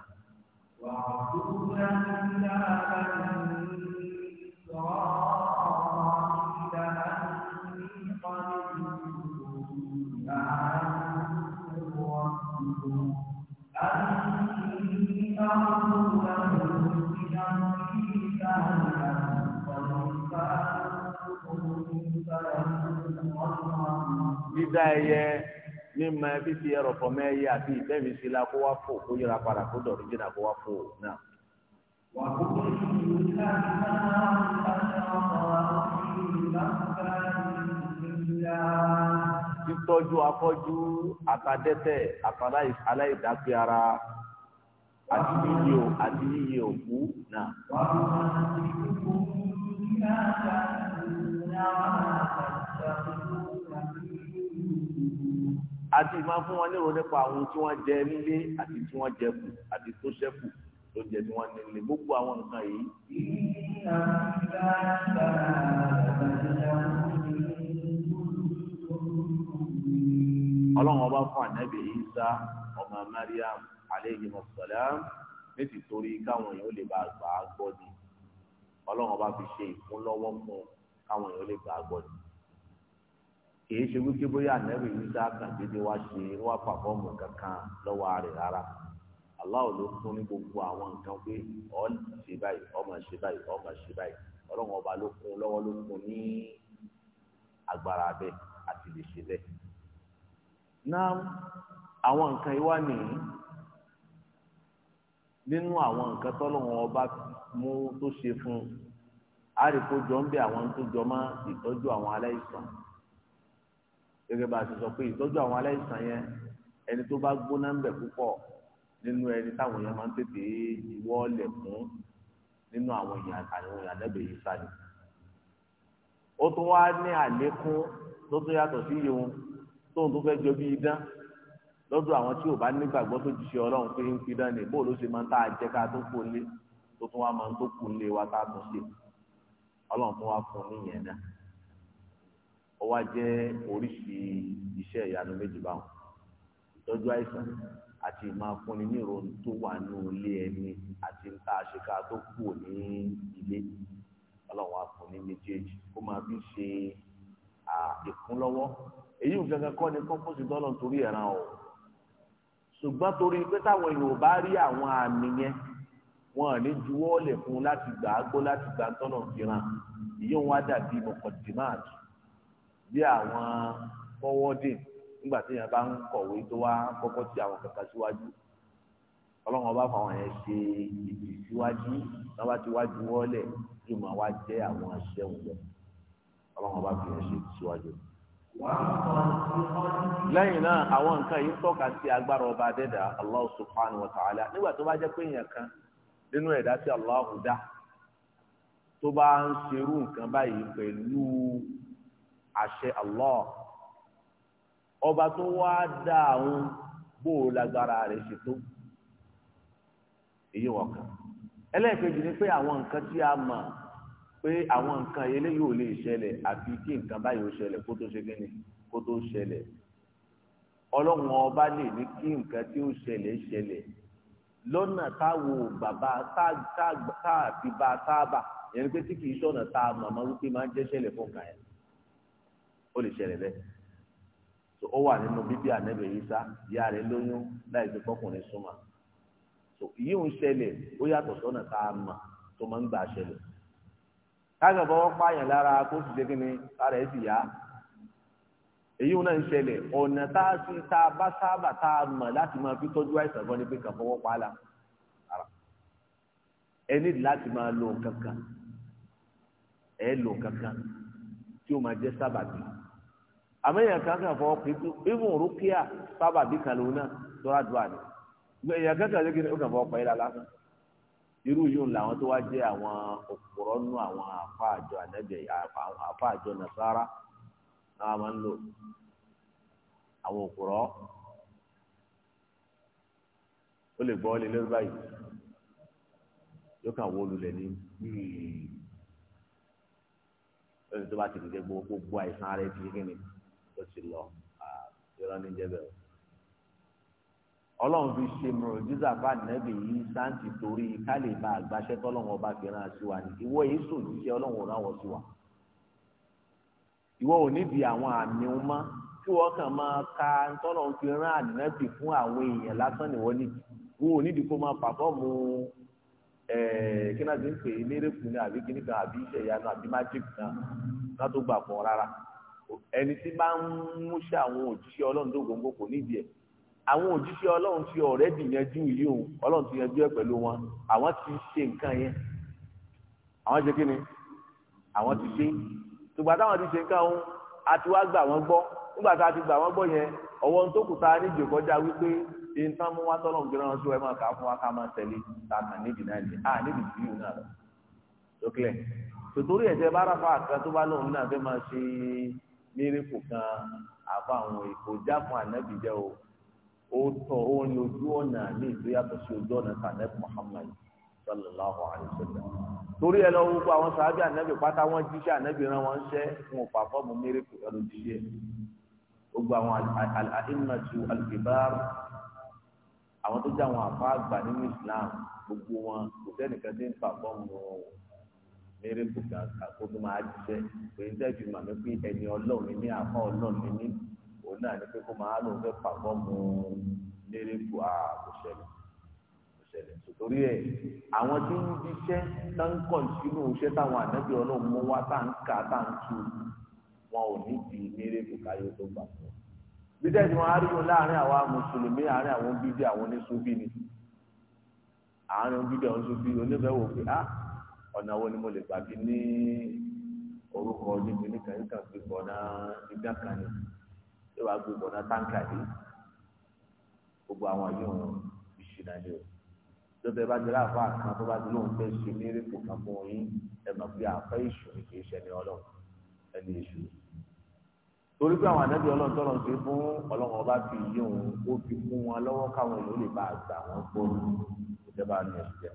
dídá ẹyẹ mímọ ẹbí ti ẹrọ fọ mẹyẹ àti ìtẹ́bísí la kó wá fò kó yẹra padà kó dọ̀rọ̀ jìnnà kó wá fò náà. wà á kó títọ́jú afọ́jú àtàdẹ́tẹ̀ àtàláìdápẹ́ ara àti yíyẹ àti yíyẹ òkú náà. wà á kó títọ́jú afọ́jú àtàdẹ́tẹ̀ àtàláìdápẹ́ ara àti yíyẹ òkú náà àti ìmọ̀ fún wọn lérò nípa àwọn tí wọ́n jẹ nílé àti tí wọ́n jẹ kù àti tó ṣẹ́kù ló jẹ tí wọ́n nílé gbogbo àwọn nǹkan yìí. ọlọ́run ọba fún ànábì Ìsá ọmọ Mariam aleyhi masalam ní tìtorí káwọn èèyàn lè bá gbà á gbọ́ ni ọlọ́run ọba fi ṣe ìkúnlọ́wọ́ fún káwọn èèyàn lè gbà á gbọ́ ni kìí ṣe wípé bóyá ànábì yíṣà kàdédé wá ṣe wá pàfọ́ọ̀mù kankan lọ́wọ́ rẹ̀ rárá Allah ló fún ní gbogbo àwọn nǹkan pé ọ ṣe báyìí ọmọ ṣe báyìí ọmọ ṣe báyìí ọlọ́run ọba ló fún lọ́wọ́ ló fún ní agbára bẹ́ẹ̀ àti lè ṣe bẹ́ẹ̀. náà àwọn nǹkan yìí wà nìyí nínú àwọn nǹkan tọ́lọ́run ọba mú tó ṣe fún un àríkójọ ń bẹ àwọn tó jọ mọ́ ìtọ́jú àwọn aláìsàn gẹ́gẹ́ bá a ti sọ pé ìtọ́jú àwọn aláìsàn yẹn ẹni tó bá gbóná ń bẹ̀ púpọ̀ nínú ẹni táwọn èèyàn máa ń tètè ìwọ́ lẹ̀ fún nínú àwọn èèyàn àtàwọn èèyàn lẹ́bẹ̀ẹ́ yìí sáré ó tún wá ní àlékún tó tún yàtọ̀ sí ìyẹun tóun tó fẹ́ jọ bí idán lọ́dọ̀ àwọn tí ò bá nígbàgbọ́ tó jù sí ọlọ́run pé ń fi dán ni bóòlù ṣe máa ń tá a jẹ́ ká tó kú lé tó tún wá máa ń tó kú lé wa tá a tún ṣe ọlọ́run tún wá fún un níyẹn náà ó wá jẹ́ oríṣi iṣẹ́ ìyanu méjì báwọn ìtọ́jú àìsàn àti ìmáa fúnni ní ìrònú tó wà ní ilé ẹni àti nta àṣeká tó kù ní ilé ọlọ́run á fún ní méjèèjì kó máa fi ṣe ìkúnlọ́wọ́ èyí ò gangan kọ́ ni kọ́ńpọ́sì dọ́lọ̀ torí ẹ̀ràn o ṣùgbọ́n torí pé táwọn èèyàn ò bá rí àwọn àmì yẹn wọn à ní juwọ́ lè fún láti gbà láti gbà fìràn ìyóò wá dàbí mọ̀kọ̀dìmáàtì bí àwọn fọwọ́dìn nígbà tí èèyàn bá ń kọ̀wé tó wá kọ́kọ́ sí àwọn kẹta síwájú ọlọ́run ọba fáwọn yẹn ṣe ìdí síwájú náà bá ti wájú wọlé kí màá wá jẹ́ àwọn aṣẹ́ òun lọ ọlọ́run ọba fi yẹn ṣe ìdí síwájú. lẹ́yìn náà àwọn nǹkan yìí tọ́ka sí agbára ọba adẹ́dà Allah subhanahu wa ta'ala nígbà tó bá jẹ́ pé èèyàn kan nínú ẹ̀dá tí Allah dá tó bá ń ṣerú nǹkan báyìí pẹ̀lú àṣẹ Allah ọba tó wá dá àwọn bó lágbára rẹ̀ ṣètò èyí wọ̀ kan ẹlẹ́ẹ̀kejì ni pé àwọn nǹkan tí a mọ̀ pé àwọn nǹkan eléyìí ò lè ṣẹlẹ̀ àfi kí nǹkan báyìí ó ṣẹlẹ̀ kó tó ṣe ṣẹlẹ̀ ọlọ́run ọba lè ní kí nǹkan tí ó ṣẹlẹ̀ ṣẹlẹ̀ lọ́nà táwo bàbá táàbí bá táàbà yẹn ni pé tí wípé máa ń ó lè ṣẹlẹ̀ bẹ́ẹ̀ so ó wà nínú bíbí ànẹ́bẹ̀ Ìsá ìyá rẹ̀ lóyún láì fi kọ́kùnrin súnmọ́ so ìyí ń ṣẹlẹ̀ ó yàtọ̀ sọ́nà tá a mọ̀ tó máa ń gbà ṣẹlẹ̀ káàkiri bọ́ pààyàn lára kó sì ṣe kíni lára ẹ̀ sì yá èyí ń náà ń ṣẹlẹ̀ ọ̀nà tá a fi tá bá sábà tá a mọ̀ láti máa fi tọ́jú àìsàn gan ni pé kàn fọwọ́ pa la ẹ ní láti máa lo nǹkan kan ẹ lo nǹkan kan tí ó máa jẹ́ sábàbí àmẹ́yìn kankan fọwọ́ pé even rúkìá sábà bí kan lòun náà lọ́ra dùà ni èèyàn kankan lókè ní ọkàn fọwọ́ pẹ́ lára irú yìí ń la àwọn tó wá jẹ́ àwọn òpùrọ́ nú àwọn àfa àjọ ànẹ́bẹ̀ àwọn àfa àjọ nàṣàrà náà máa ń lò àwọn òpùrọ́ ó lè gbọ́ lé lórí báyìí yóò kàn wó lulẹ̀ ní lórí tó bá ti dìde gbogbo àìsàn rẹ̀ ti kí ni tó ti lọ ìrọ́ ní jẹ́bẹ̀ o. ọlọ́run fi ṣe mùrọ̀jísà bá nẹ́bì yìí sáǹtì torí ká lè bá àgbàṣẹ́ tọ́lọ́run ọba fi rán sí wa ní ìwọ yìí sùn jíṣẹ́ ọlọ́run ò ráwọ̀ sí wa. ìwọ ò níbi àwọn àmì ń mọ́ kí wọ́n kàn máa ka tọ́lọ́run fi rán ànẹ́bì fún àwọn èèyàn lásán nìwọ́n níbi wọn ò nídìí kó máa pàfọ́ọ̀mù kí náà ti ń pè é lérékùn ní àbí kíníkan àbí iṣẹ́ ìyanu àbí májíìkì náà ká tó gbà pọ̀ rárá ẹni tí bá ń múṣẹ àwọn òjíṣẹ́ Ọlọ́run tó gbòǹgbò kò nídìí ẹ̀ àwọn òjíṣẹ́ Ọlọ́run ti ọ̀rẹ́ dìyànjú yìí òun Ọlọ́run ti yanjú ẹ̀ pẹ̀lú wọn àwọn ti ṣe nǹkan yẹn àwọn ṣe kí ni àwọn ti ṣe tùgbà táwọn ti ṣe nǹkan òun a ti wá gbà wọ́n gbọ́ nígbà tá a ti gbà wọ́n gbọ́ yẹn ọwọ́ ń tó kù tá a ní ìjò kọjá wípé ṣe ń tán mú wá tọ́lọ̀ nígbà náà tó ẹ máa kà á fún wa ká máa tẹ̀lé ta kàn nídìí náà ní à nídìí sí ìlú náà lọ sókè tòtòrí ẹ̀jẹ̀ bá ráfà àkàtúbálòun náà fẹ́ máa ṣe mírèkù kan àfa àwọn èkó jáfún ànábì jẹ o ó tọ ó ní ojú ọ̀nà ní ìgbéyàtọ̀ sí ojú ọ̀nà sànẹ́bù Muhammad sallallahu alayhi wa sallam torí ẹ lọ gbogbo àwọn sàábì ànábì pátá wọn jíṣẹ́ ànábì rán wọn ṣẹ́ wọn ò pàfọ́ọ̀mù mírèkù kan ló gbogbo àwọn àdínmàtú alùpùpàr àwọn tó jẹ́ àwọn àfa àgbà nínú Islam gbogbo wọn kò sẹ́nìkan tí ń pàfọ́ọ̀mù wọn o eré kùtà kó tó máa jẹ pé ń tẹ́jú mà mí pé ẹni ọlọ́run ní àpá ọlọ́run ní òun náà ni pé kó máa lòun fẹ́ pàgọ́ mu lérè kù á kò ṣẹlẹ̀ kò ṣẹlẹ̀ torí ẹ̀ àwọn tí ń ṣiṣẹ́ tá ń kọ̀ǹtínú iṣẹ́ táwọn ànábì ọlọ́run mú wá tá ń kà tá ń tu wọn ò ní di lérè kù káyọ̀ tó gbà fún un. bí tẹ́jú wọn á rí wọn láàrin àwa mùsùlùmí àárín àwọn bíbí àwọn oníṣòbí ni àárín bíbí àwọn oníṣòbí ah ọ̀nà wo ni mo lè gbà bí ní orúkọ níbi nìkan yìí kan gbígbọ̀ náà ibi kan ni yóò wá gbígbọ̀ náà táǹkà yìí gbogbo àwọn yóò ìṣìnà ni o lóbẹ̀ bá jẹ́rọ àfa kan tó bá ti lóun fẹ́ ṣe ní erékò kan fún yín ẹ mọ̀ pé àfẹ́ ìṣù ni kì í ṣe ẹni ọlọ́run ẹni ìṣù torí pé àwọn ànábì ọlọ́run tọ́lọ̀ ṣe fún ọlọ́run ọba fi yí òun ó fi fún wọn lọ́wọ́ káwọn èèyàn lè bá àgbà wọn gbóòórùn ìjọba ni ẹ̀ṣẹ̀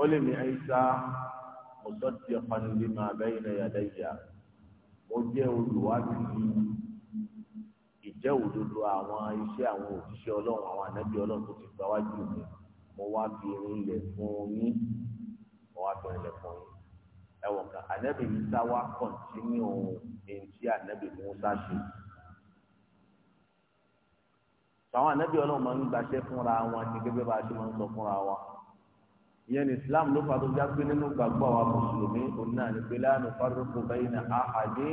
ó lè mi àyíṣà ọ̀sọ́tì ọ̀pánilé máa bẹ́yìn náà yàdá ìyá ó jẹ́ olùwádìí ìjẹ́ òdodo àwọn iṣẹ́ àwọn òṣìṣẹ́ ọlọ́run àwọn ànábì ọlọ́run tó ti gbà wájú mi mo wá fi irin lẹ̀ fún yín mo wá fi irin lẹ̀ fún yín ẹ̀wọ̀n kan ànábì Ìsá wá kọ̀ntínú èyí tí ànábì Mùsá ṣe àwọn ànábì ọlọ́run máa ń gbaṣẹ́ fúnra wọn àti gẹ́gẹ́ bá a ṣe máa ń sọ fúnra wọn ìyẹn ní islam ló fà tó já pé nínú gbàgbọ́ àwọn mùsùlùmí òun náà ní pé láàánú fárúkú báyìí ní àhàdé.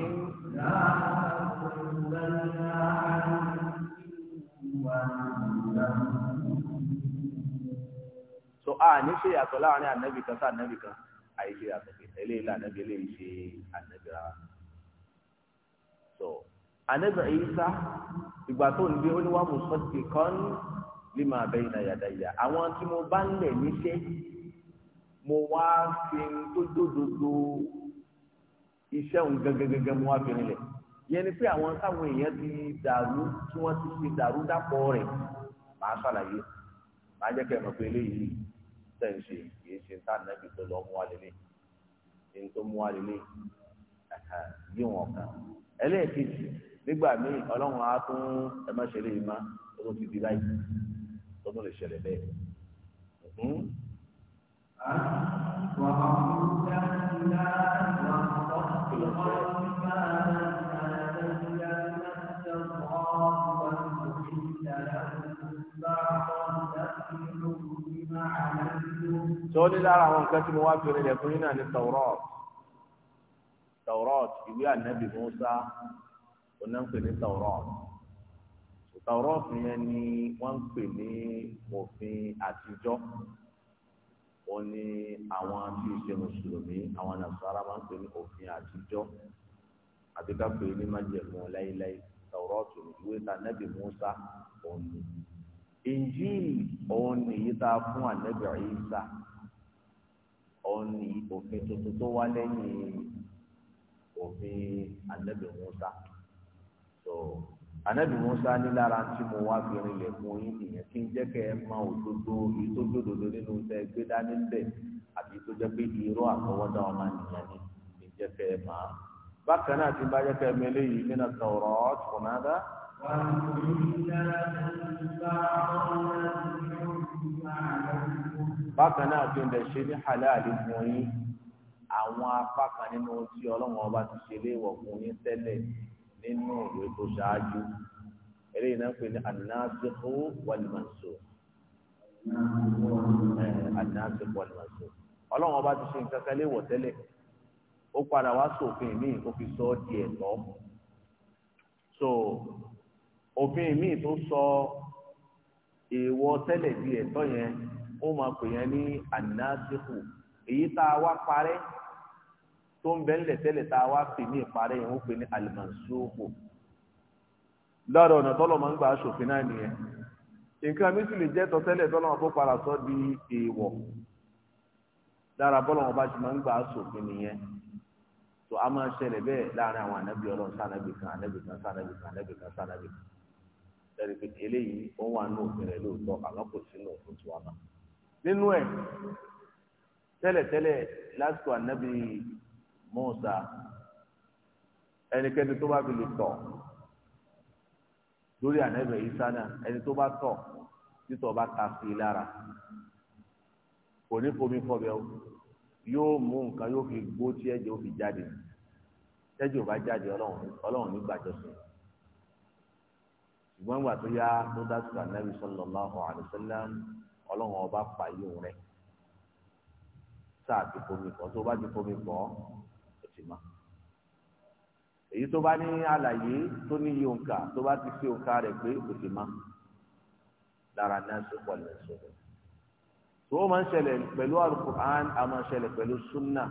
so a ní ṣe yàtọ̀ láàrin ànábì kan sí ànábì kan àìṣe yàtọ̀ pé eléyìí là ànábì eléyìí ṣe ànábì rárá so ànábì Ìsá ìgbà tó ń dé ó ní wàá mú sọ́ọ̀tì kan lima bẹ́yìn náà yàdáyà àwọn tí mo bá ń lẹ̀ níṣẹ́ mo wá fi tó dódodo iṣẹ́ òun gẹ́gẹ́gẹ́gẹ́ mo wá fi rinlẹ̀ yẹn ni pé àwọn táwọn èèyàn ti dàrú tí wọ́n ti fi dàrú dàpọ̀ rẹ̀ màá ṣàlàyé màá jẹ́ kẹ́ ẹ̀ mọ̀ pé eléyìí tẹ̀ ń ṣe kì í ṣe ń tà nẹ́bí tó lọ́ mú wa lélẹ̀ ẹni tó mú wa lélẹ̀ yí wọn kan ẹlẹ́ẹ̀kejì nígbà míì ọlọ́run á tún ẹ má ṣe léyìí má ó tún ti di láì ó tún lè ṣẹlẹ̀ bẹ́ẹ̀ sọ́ọ́lì lára àwọn nǹkan tí mo wá fi rìnlẹ̀ fún yín náà ní taurat taurat ìwé ànábì musa onáńpè ní taurat taurat yẹn ni wọ́n ń pè ní òfin àtijọ́ ó ní àwọn tí í ṣe mùsùlùmí àwọn nàṣàrà máa ń pè ní òfin àtijọ́ àti kápẹ́ ní májẹ̀mú láíláí tàwọ́rọ́ọ̀tù ìwé ta nẹ́bì Musa òun ni Injil òun ni èyí tá a fún ànẹ́bì Isa òun ni òfin tuntun tó wá lẹ́yìn òfin ànẹ́bì Musa so ànábì musa ní lára tí mo wá fi rin ilẹ̀kùn yín ìyẹn kí n jẹ́ kẹ́ ẹ mọ òdodo èyí tó jòdòdó nínú tẹ́ ẹ gbé dání bẹ́ẹ̀ àbí tó jẹ́ pé irọ́ àtọwọ́dá ọmọ nìyẹn ni kí n jẹ́ kẹ́ ẹ mọ̀ á. bákan náà ti bá jẹ́ kẹ́ ẹ mọ eléyìí nínú tọ̀rọ̀ ọ̀tùnádá. bákan náà fi ń lè ṣe ní halali fún yín àwọn apá kan nínú tí ọlọ́run ọba ti ṣe léèwọ̀ fún yín tẹ́lẹ̀ nínú ìwé tó ṣáájú eléyìí náà pè ní anáṣepọ̀ wàlìmọ̀sọ̀ anáṣepọ̀ wàlìmọ̀sọ̀ ọlọ́run ọba ti ṣe nǹkan kan léwọ̀ tẹ́lẹ̀ ó padà wá sófin míì ó fi sọ ọ́ di ẹ̀tọ́ so òfin míì tó sọ èèwọ̀ tẹ́lẹ̀ di ẹ̀tọ́ yẹn ó máa pè yẹn ní anáṣepọ̀ èyí tá a wá parẹ́ tó ń bẹ ń lẹ̀tẹ́lẹ̀ tá a wá pè ní ìparí yẹn pè ní alimansuhu lára ọ̀nà tọ́lọ̀ máa ń gbà aṣòfin náà nìyẹn nǹkan mi di èèwọ̀ lára bọ́lọ̀ wọn bá ṣe máa ń gbà aṣòfin nìyẹn tó a máa ṣẹlẹ̀ bẹ́ẹ̀ láàrin àwọn ànábì ọlọ́run sànábì kan ànábì kan sànábì kan ànábì kan kan eléyìí ó Musa ẹnikẹ́ni tó bá fi lè tọ̀ lórí ànẹ́bẹ̀ Isa náà ẹni tó bá tọ̀ títọ̀ bá ta sí i lára kò ní fomi o yóò mú nǹkan yóò fi gbó tí ẹ̀jẹ̀ ó fi jáde tẹ́jọ́ bá jáde ọlọ́run ní gbàjọsìn ṣùgbọ́n ìgbà tó yá tó sallallahu alaihi wasallam ọlọ́run ọba pààyè rẹ̀ sáà ti fomi kọ́ tó bá ti fomi ṣe mọ́ èyí tó bá ní àlàyé tó ní iye òǹkà tó bá ti fi òǹkà rẹ̀ pé kò ṣe mọ́ lára náà ṣe pọ̀ lẹ́yìn sọ̀rọ̀ tó o máa ń ṣẹlẹ̀ pẹ̀lú alukur'an a máa ń ṣẹlẹ̀ pẹ̀lú sunna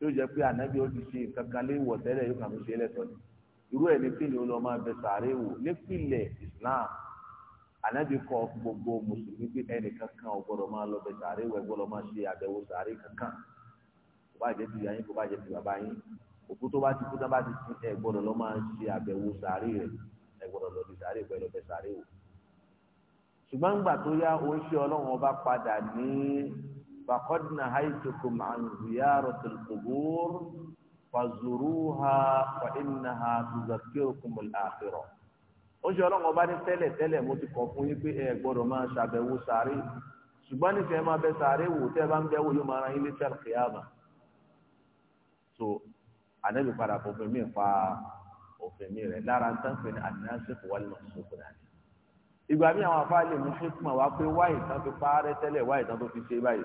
yóò jẹ́ pé ànábì ó ti ṣe nǹkan kan lé wọ̀ tẹ́lẹ̀ yóò kàn ṣe lẹ́tọ̀ọ́ ni irú ẹ̀ ní kílẹ̀ olú ọmọ abẹ sàárè wò nípìnlẹ̀ Islam ànábì kọ gbogbo mùsùlùmí pé ẹnì kankan ò máa lọ bẹ sàárè wò ẹ máa ṣe àbẹ̀wò sàárè kankan bá jẹ́ ti ìyá yín kó bá jẹ́ ti bàbá yín òkú tó bá ti kú tán bá ti sin ẹ gbọ́dọ̀ lọ máa ń ṣe àbẹ̀wò sàárè rẹ ẹ gbọ́dọ̀ lọ di sàárè pẹ̀lú ọbẹ sàárè wò ṣùgbọ́n gbà tó yá oṣù ọlọ́run ọba padà ní fàkọ́dínà haitukum an ziyaratil qubur fazuruha fa innaha tuzakkirukum al-akhirah oṣù ọlọ́run ọba ní tẹ́lẹ̀ tẹ́lẹ̀ mo ti kọ̀ fún yín pé ẹ gbọ́dọ̀ máa ṣàbẹ̀wò sàárè ṣùgbọ́n nífẹ̀ẹ́ máa bẹ sàárè wò tẹ́ bá ń bẹ́wò yóò máa ra yín létí àlùkìyàmà so ànábì padà fòfin mi fa òfin mi rẹ̀ lára ń tán pé ní àdínáṣẹ́kù wà lọ sókè náà ni. ìgbà mi àwọn afá lè mú hikma wá pé wáyé tán fi parẹ́ tẹ́lẹ̀ wáyé tán tó fi ṣe báyìí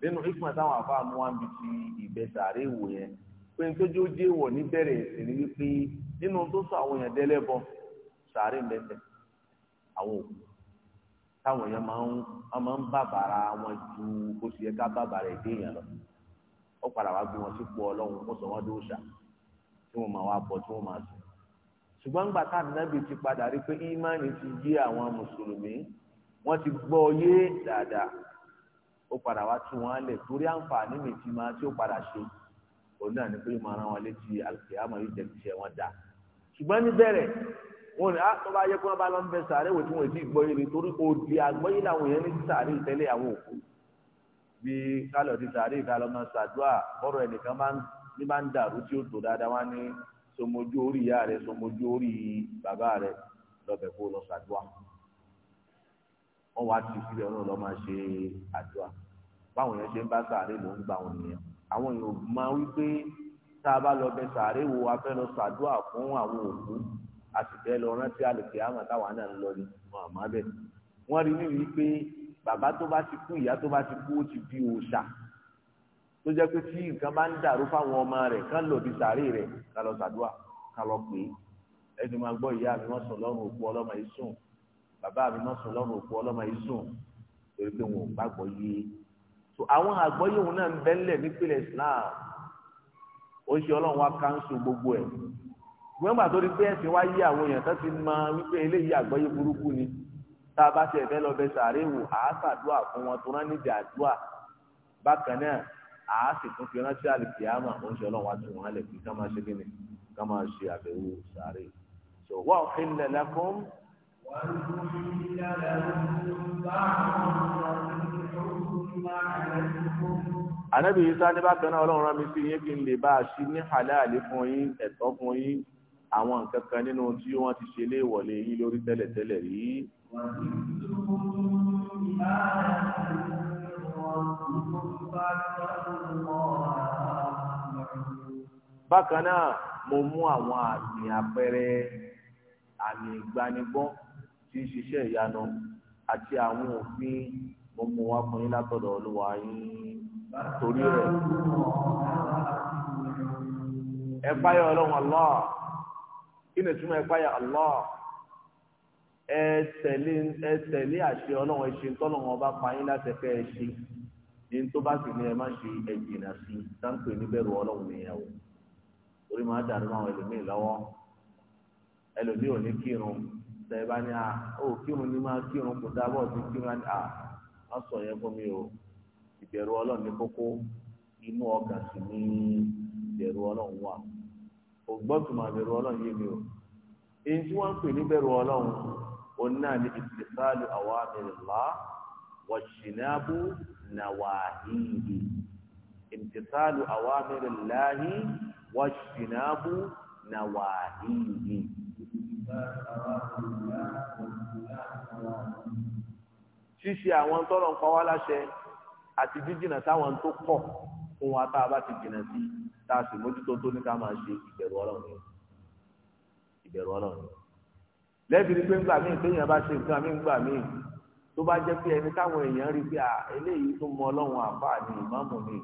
nínú hikma táwọn afá mú wá bi ti ìbẹ̀sàrẹ́ ìwò yẹn pé nítorí ó dé wọ̀ níbẹ̀rẹ̀ ẹ̀sìn ni wípé nínú tó sọ àwọn èèyàn dẹ́lẹ́bọ sàárè mẹ́tẹ̀ àwọn òkú táwọn èèyàn máa ń bàbàrà wọn ju oṣù yẹ ká bàbàrà ìdéèyàn lọ ó padà wá gbé wọn sípò ọlọ́run ó sọ wọn dé òòṣà tí wọn máa wá bọ tí wọn máa sùn ṣùgbọ́n gbà tá nàbì ti padà rí pé ìmánì ti yé àwọn mùsùlùmí wọ́n ti gbọ́ yé dáadáa ó padà wá tú wọn lẹ̀ torí àǹfààní mi ti máa tí ó padà ṣe òun náà ni pé yóò máa rán wọn létí àlùkìyàmọ̀ yóò jẹ́ kí iṣẹ́ wọn dáa ṣùgbọ́n níbẹ̀rẹ̀ wọn ni ah, tó bá yẹ kó wọn bá lọ ń bẹ sàárè wò tí wọn ti gbọ́ yé ni torí òdì àgbọ́yé làwọn èèyàn ní sàárè tẹ́lẹ̀ àwọn òkú bí kálọ̀ ti sàárè ìkálọ̀ máa ṣàdúrà ọ̀rọ̀ ẹnìkan ní máa ń dàrú tí ó tó dáadáa wá ní somojú orí ìyá rẹ somojú orí bàbá rẹ lọ́bẹ̀ kó lọ ṣàdúrà wọ́n wá ti síbẹ̀ wọn lọ máa ṣe àdúrà báwọn yẹn ṣe ń bá sàárè ló ń gbà wọn nìyẹn àwọn èèyàn máa wípé tá a bá lọ bẹ sàárè wo a fẹ́ lọ ṣàdúrà fún àwọn òkú a sì lọ rántí àlùkè àmọ́ táwa náà ń lọ ní bàbá tó bá ti kú ìyá tó bá ti kú ó ti di òòṣà tó jẹ́ pé tí nǹkan bá ń dàrú fáwọn ọmọ rẹ̀ kán lò bí sàárè rẹ̀ ká lọ sàdúà ká lọ pè é ẹni máa gbọ́ ìyá mi mọ́sùn lọ́rùn òkú ọlọ́mọ yìí sùn bàbá mi mọ́sùn lọ́rùn òkú ọlọ́mọ yìí sùn torí pé wọn ò gbàgbọ́ yé e. so àwọn àgbọ́yé òun náà ń bẹ́ńlẹ̀ nípìnlẹ̀ Islam ó ṣe ọlọ́run wá káńsù gbogbo ẹ̀ gbọ́ngbà tó rí pé ẹ̀sìn wá àwọn èèyàn tó ti mọ wípé eléyìí àgbọ́yé burúkú ni tá a bá ṣe ìfẹ́ lọ bẹ sàárè wò á ṣàdúà fún wọn tó rán níbi àdúà bákan náà á tún fi ránṣẹ́ àlìkìyàmà ó ń ṣe ọlọ́run wọn lè fi ká máa ṣe kíni ká máa ṣe àbẹ̀wò sàárè. so wọ́n fi ń lẹ̀ lẹ́kún. wọ́n fi ń lẹ̀ lẹ́kún bá àwọn anabi isa ní bákan náà ọlọ́run rán mi sí yín kí n lè bá a ṣí ní fún yín ẹ̀tọ́ fún yín àwọn nǹkan kan nínú tí wọ́n ti ṣe léèwọ̀ lé yín lórí tẹ́lẹ̀tẹ́lẹ̀ rí bákan náà mo mú àwọn àmì àpẹẹrẹ àmì ìgbanigbọ́ tí ń ṣiṣẹ́ ìyanu àti àwọn òfin mo mú wá fún yín látọ̀dọ̀ olúwa yín torí rẹ̀ ẹ ọlọ́run Allah kí ni túmọ̀ ẹ Allah. ẹ tẹ̀lé ẹ tẹ̀lé àṣẹ ọlọ́run ẹ ọba pààyàn láti ẹ̀fẹ́ ẹ ní tó bá sì ní ẹ má ṣe níbẹ̀rù o orí máa dàrú àwọn ẹlòmíì lọ́wọ́ ẹlòmíì ò ní kírun bá ní à ó kírun ní máa kírun kò sí kírun à má sọ yẹn fún o ìbẹ̀rù ní kókó inú sì ní ìbẹ̀rù wà onáà ní ìfìsàlù awamirillah wàṣìnàbù nàwàhíhì ìfìsàlù awamirillah wàṣìnàbù nàwàhíhì. ṣíṣe àwọn tọ́lọ̀ ń pa wá láṣẹ àti jíjìnà táwọn tó kọ̀ fún wa tá a bá ti jìnà sí tá a sì mójútó tó ní ká máa ṣe ìbẹ̀rù ọlọ́run ìbẹ̀rù ọlọ́run lẹ́bìrì pé ńgbà míì téèyàn bá ṣe nǹkan míì ńgbà míì tó bá jẹ́ pé ẹni táwọn èèyàn rí pé eléyìí tó mọ ọlọ́run àfáà ni ìmáàmù ni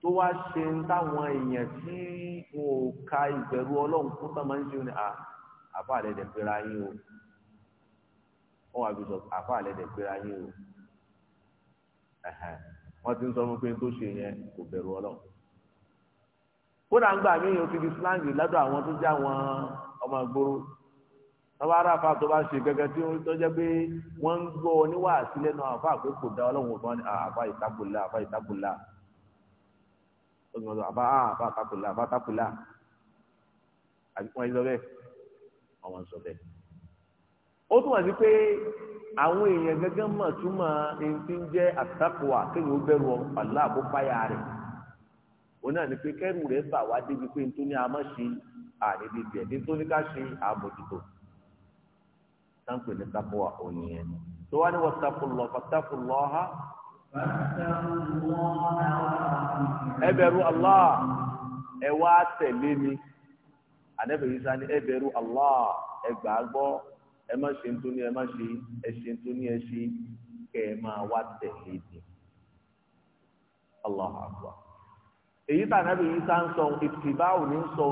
tó wá ṣe ń táwọn èèyàn tí wọn ò ka ìbẹ̀rù ọlọ́run kún tán máa ń ṣe ni àfáà lẹ́dẹ̀ pera yín o wọn àbí sọ àfáà lẹ́dẹ̀ pera yín o wọ́n ti ń sọ fún pé tó ṣe yẹn kò bẹ̀rù ọlọ́run kódà ń míì o ti di slang lọ́dọ̀ àwọn tó jẹ́ àwọn ọmọ gbòòrò tọ́ba ara àfa tó bá ṣe gẹ́gẹ́ tí ó tọ́jẹ́ pé wọ́n ń gbọ́ níwà sílẹ̀ náà àfa àpé kò dá ọlọ́run ọ̀tọ́ ni ah, àfa ìtakùlà àfa ìtakùlà ọ̀gbọ̀n àfa ah, àfa àtakùlà àfa àtakùlà àbí wọ́n yí sọ bẹ́ẹ̀ ọmọ sọ bẹ́ẹ̀. ó túmọ̀ sí pé àwọn èèyàn gẹ́gẹ́ mọ̀ túmọ̀ ẹni tí ń jẹ́ àtàkùwà kéèyàn ó bẹ̀rù ọ̀pàlà àbúpáyà rẹ̀ sáńpè ní sápòwà òní yẹn tó wá ní ha. eberu Allah ẹ wá tẹ̀lé mi àdẹ́bẹ̀rẹ̀ yìí Allah ẹ gbà á gbọ́ ẹ má ṣe nítorí ẹ má ṣe ẹ ṣe Allah akbar èyí ìtìbáwò ní sọ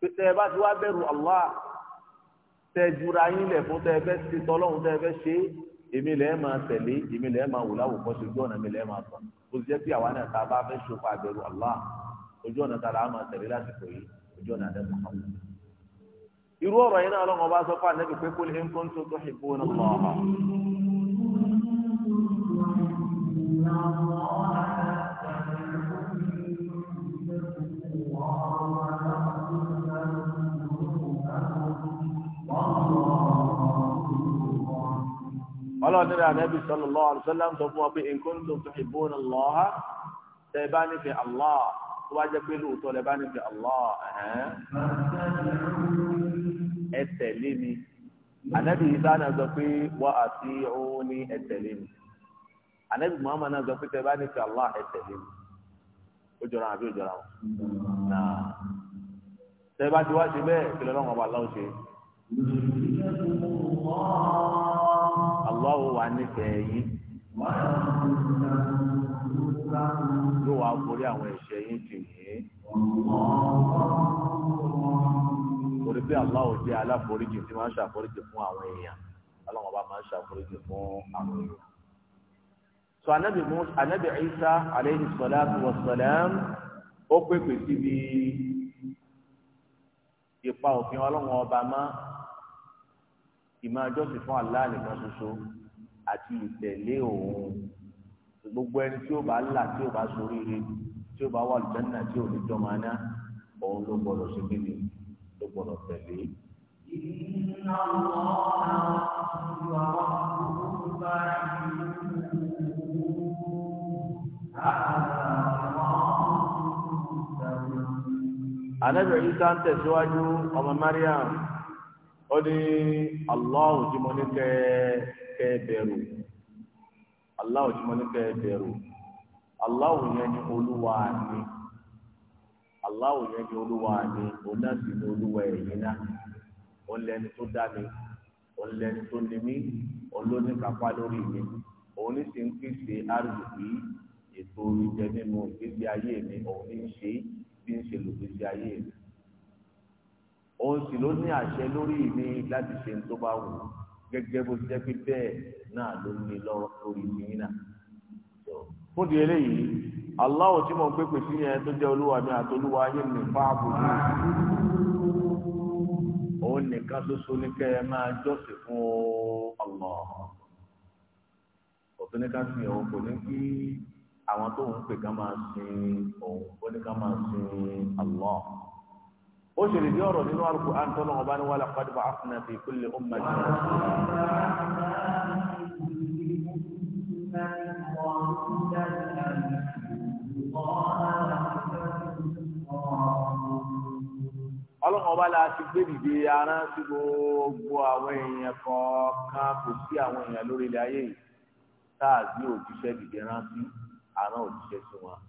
pété ẹ bá ti wá bẹ̀rù Allah tẹ jura yín lẹ̀ fún tẹ fẹ́ ṣe tọ́lọ́hún tẹ fẹ́ ṣe èmi lẹ́ẹ̀ máa tẹ̀lé èmi lẹ́ẹ̀ máa wò láwòkọ́ ṣe ojú ọ̀nà mi lẹ́ẹ̀ máa tọ̀ ó ti jẹ́ pé àwa náà ta bá fẹ́ ṣokò àbẹ̀rù Allah ojú ọ̀nà ta máa tẹ̀lé lásìkò yìí ojú ọ̀nà àdẹ́kùn kan irú ọ̀rọ̀ yìí náà lọ́wọ́ bá sọ fún ànábì pé kó lè ń kó ń tó tó ọlọ́run ní ànábì sallallahu alaihi wasallam sọ fún wa pé in kuntum tuhibbuna Allah tẹ bá nífẹ̀ẹ́ Allah tó bá jẹ́ pé lóòótọ́ lẹ bá nífẹ̀ẹ́ Allah ẹ tẹ̀lé mi ànábì Isa náà sọ pé wa ati'uni ẹ tẹ̀lé mi ànábì Muhammad náà sọ pé tẹ bá nífẹ̀ẹ́ Allah ẹ tẹ̀lé mi ó jọra àbí ó jọra wọn. tẹ bá ti wá ṣe bẹ́ẹ̀ kí lọ́lọ́run ọba aláwọ̀ ṣe. Allahu wa nífẹ̀ẹ́ yín. Yóò wá borí àwọn ẹ̀ṣẹ̀ yín jù yín. Torí pé Allahu jẹ́ aláforíjì tí máa ń ṣàforíjì fún àwọn èèyàn. Ọlọ́run bá máa ń ṣàforíjì fún àwọn èèyàn. Sọ anábì Musa anábì Isa alayhi salatu wa salam ó pèpè síbi ìpa òfin ọlọ́run ọba máa ìmọ̀ àjọsìn fún Allah nìkan ṣoṣo àti ìtẹ̀lé òun gbogbo ẹni tí ó bá là tí ó bá ṣoríire tí ó bá wà lùjánà tí ò ní jọ máa òun ló gbọdọ̀ ṣe kí ni ló gbọdọ̀ tẹ̀lé. Ànábì Ìsá ń tẹ̀síwájú ọmọ Mariam ó ní aláwọ̀ tí mo ní kẹ́ kẹ́ bẹ̀rù aláwọ̀ tí mo ní kẹ́ bẹ̀rù aláwọ̀ yẹn ni olúwa ni aláwọ̀ yẹn ni olúwa ni òun náà sì ni olúwa ẹ̀yìn náà òun lẹni tó dá mi òun lẹni tó ní mí òun ló kápá lórí mi òun ní sì ń pèsè àrùbí ètò ìjẹ mímu ìgbésí ayé mi òun ní í ṣe bí ń ṣe lògbèsí ayé mi òun sì ló ní àṣẹ lórí mi láti ṣe tó bá wù gẹ́gẹ́ bó ti jẹ́ pé bẹ́ẹ̀ náà ló ní lọ́rọ̀ lórí mi náà. fún di eléyìí Allah tí mo gbé pèsè yẹn tó jẹ́ olúwa mi àtolúwa ayé mi fáàbù mi òun nìkan ṣoṣo ní kẹ́ ẹ máa jọ́sìn fún Allah òtún ní ká sìn òun kò ní kí àwọn tó ń pè ká máa sìn òun ó ní ká máa sìn Allah ó ṣe lè bí ọ̀rọ̀ nínú Al-Qur'an àǹtọ́nà ọba ní wàhálà qad ba'athna fi kulli ummatin. ọlọ́run ọba la ti gbé dìde ara sí gbogbo àwọn èèyàn kọ̀ọ̀kan kò sí àwọn èèyàn lórí ilẹ̀ ayé yìí tá a gbé òjíṣẹ́ dìde rántí àrán òjíṣẹ́ sí wọn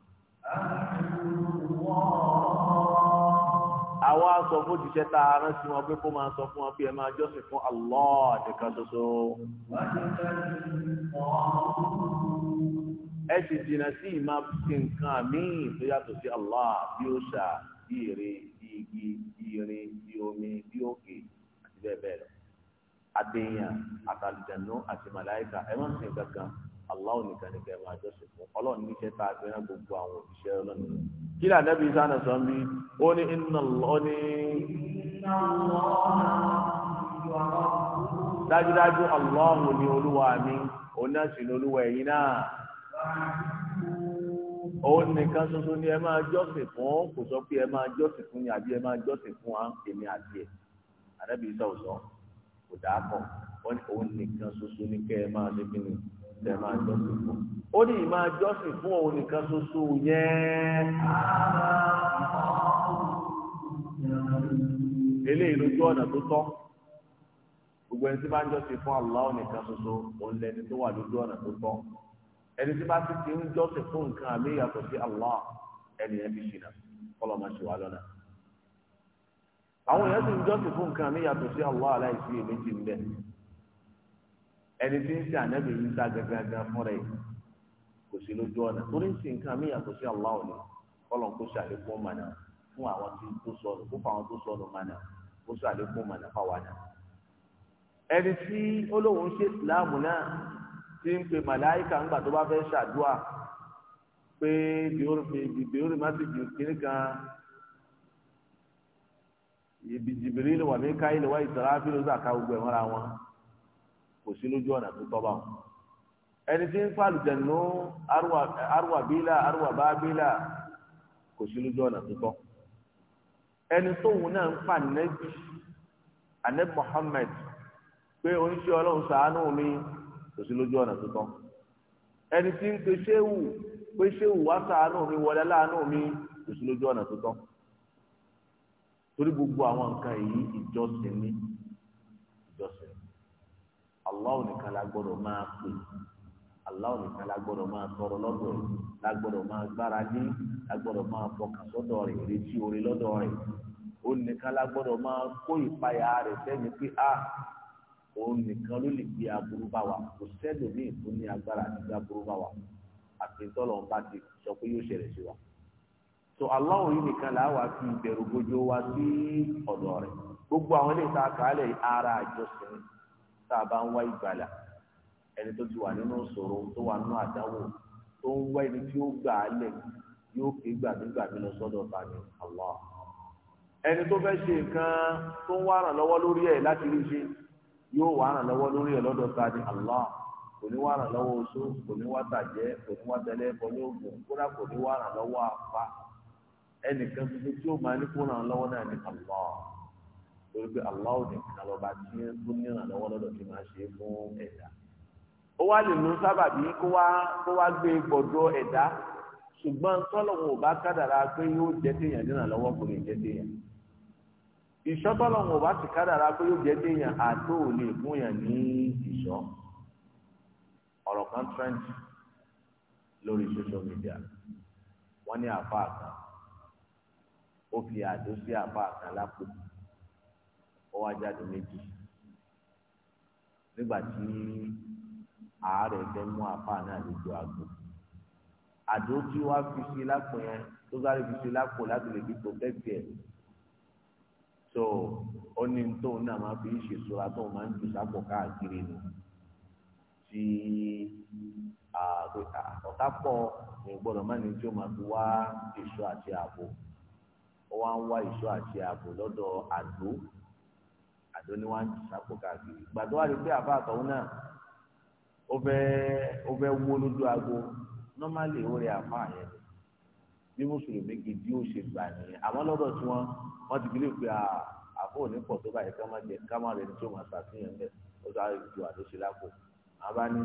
àwa sọ fún òjíṣẹ́ tá a rán sí wọn pé kó máa sọ fún wọn pé ẹ máa jọ́sìn fún Allah nìkan ṣoṣo. ẹ sì jìnnà sí ìmọ̀ sí nǹkan míì tó yàtọ̀ sí Allah bí ó ṣà bí ère bí igi bí irin bí omi bí òkè àti bẹ́ẹ̀ bẹ́ẹ̀ lọ. àtẹ̀yìn àtàlùjànú àti màláìkà ẹ má sìn kankan aláwọ̀ nìkan ni kẹ́ máa jọ́sìn fún ọlọ́run níṣẹ́ tá a fi rán gbogbo àwọn òṣìṣẹ́ ọlọ́run kí ni ànábì sànà sọ ń bí ó ní iná lọ ní. dájúdájú aláwọ̀ ni olúwa mi òun náà sì ni olúwa ẹ̀yin náà òun nìkan ṣoṣo ni ẹ máa jọ́sìn fún kò sọ pé ẹ máa jọ́sìn fún ni àbí ẹ máa jọ́sìn fún èmi àti ẹ̀ ànábì sọ̀rọ̀ sọ kò dáa kọ̀ òun nìkan ṣoṣo ni kẹ́ ẹ máa ṣe kí ni. tẹ máa jọ́sìn fún ó ní ìmáa jọ́sìn fún òun nìkan ṣoṣo yẹn eléyìí lójú ọ̀nà tó tọ́ gbogbo ẹni tí bá ń jọ́sìn fún Allah nìkan ṣoṣo òun lẹni tó wà lójú ọ̀nà tó tọ́ ẹni tí bá ti ti ń jọ́sìn fún nǹkan àmì ìyàtọ̀ sí Allah ẹni ẹ fi ṣìnà kọlọ máa ṣe wá lọ́nà Allah ẹni tí ń ṣe ànábì yìí sá gẹgẹgẹ fúnra yìí kò sí lójú ọ̀nà torí ń sin nǹkan míyà kò sí Allah ni kọlọ̀n kó ṣàlékún mànà fún àwọn tí tó sọnù kó fáwọn tó sọnù mànà kó mànà fáwọn àná. ẹni tí olóhùn ṣe náà ti ń pe màláìka ńgbà tó bá fẹ́ pé bìbìrì má kò sí lójú ọ̀nà tó tọ́ wọn ẹni tí ń fa àlùjànnú arúwà bílà arúwà bá bílà kò sí lójú ọ̀nà tó tọ́ ẹni tóun náà ń fa nẹ́bí anẹ́bí pé oníṣẹ́ ọlọ́run mi kò sí ọ̀nà tó tọ́ ẹni tí ń pe ṣéwù pé ṣéwù wá mi wọlé kò sí lójú ọ̀nà tó tọ́ torí gbogbo àwọn nǹkan yìí ìjọsìn aláwọ̀ nìkan la gbọdọ máa pè aláwọ̀ nìkan la gbọdọ máa tọrọ la gbọdọ máa gbára ní la gbọ́dọ̀ máa fọkàn sọ́dọ̀ rẹ̀ retí orí ó nìkan la gbọdọ máa kó ìpayà rẹ̀ sẹ́ni pé a òun nìkan ló lè wa kò sẹ́dọ̀ ní ní agbára wa àti tọ́lọ̀ ń bá ti sọ pé yóò wa yìí nìkan la fi ìbẹ̀rù wa sí ọ̀dọ̀ gbogbo àwọn ilé ìta ara àjọṣ tá a bá ń wá ìgbàlà ẹni tó ti wà nínú ìṣòro tó wà nínú àdáwò tó ń wá ẹni tí ó gbà á lẹ̀ yóò ké gbàgbégbàgbé lọ sọ́dọ̀ tani Allah ẹni tó fẹ́ ṣe nǹkan tó ń wá ràn lọ́wọ́ lórí ẹ láti rí ṣe yóò wá ràn lọ́wọ́ lórí ẹ̀ lọ́dọ̀ ni Allah kò ní wá ràn lọ́wọ́ oṣó kò ní wá tàjẹ́ kò ní wá tẹlẹ́ ẹ̀kọ́ ní oògùn kódà kò ní wá ràn lọ́wọ́ apá ẹnìkan tuntun tí ó máa ní kó ràn lọ́wọ́ náà ní Allah torí pé aláwọ̀ nìkan lọ́ba tí ó ní ìrànlọ́wọ́ lọ́dọ̀ tí máa ṣe fún ẹ̀dá ó wá lè lo sábàbí kó wá kó wá gbé gbọ̀dọ̀ ẹ̀dá ṣùgbọ́n tọ́lọ̀mù ò bá kádàrá pé yóò jẹ́ téèyàn dínà lọ́wọ́ kò lè jẹ́ téèyàn ìṣọ́ tọ́lọ̀mù ò bá ti kádàrá pé yóò jẹ́ téèyàn àtó ò lè fún yàn ní ìṣọ́ ọ̀rọ̀ kan trend lórí social media wọ́n ní àfa kan ó fi àdó sí àfa kan lápò ó wá jáde méjì nígbà tí àárẹ̀ fẹ́ mú apá náà lójú àgbo àdó tí wàá fi ṣe lápò yẹn tó sáré fi ṣe lápò láti lè fi protect ẹ̀ so ó ní tóun náà máa fi ń ṣèṣura tóun máa ń jù sápò káàkiri nù tí ọ̀tá pọ̀ ní gbọ́dọ̀ má ní tí ó máa fi wá ìṣọ́ àti ààbò ó wá ń wá ìṣọ́ àti ààbò lọ́dọ̀ àdó àjọ ni wọ́n ń sàpò káàkiri ìgbà tó wà ní pé àbá àtọ̀hún náà ó fẹ́ ó fẹ́ wó lójú aago nọ́málì ó rẹ àfa yẹn bí mùsùlùmí gidi ó ṣe gbà nìyẹn àmọ́ lọ́dọ̀ tí wọ́n wọ́n ti gbélé pé ah, àfọ̀ òní pọ̀ tó báyìí ká má jẹ ká má rẹ ní tó máa ṣàfihàn bẹ́ẹ̀ ó sọ àjò àdóṣe lápò àbá ní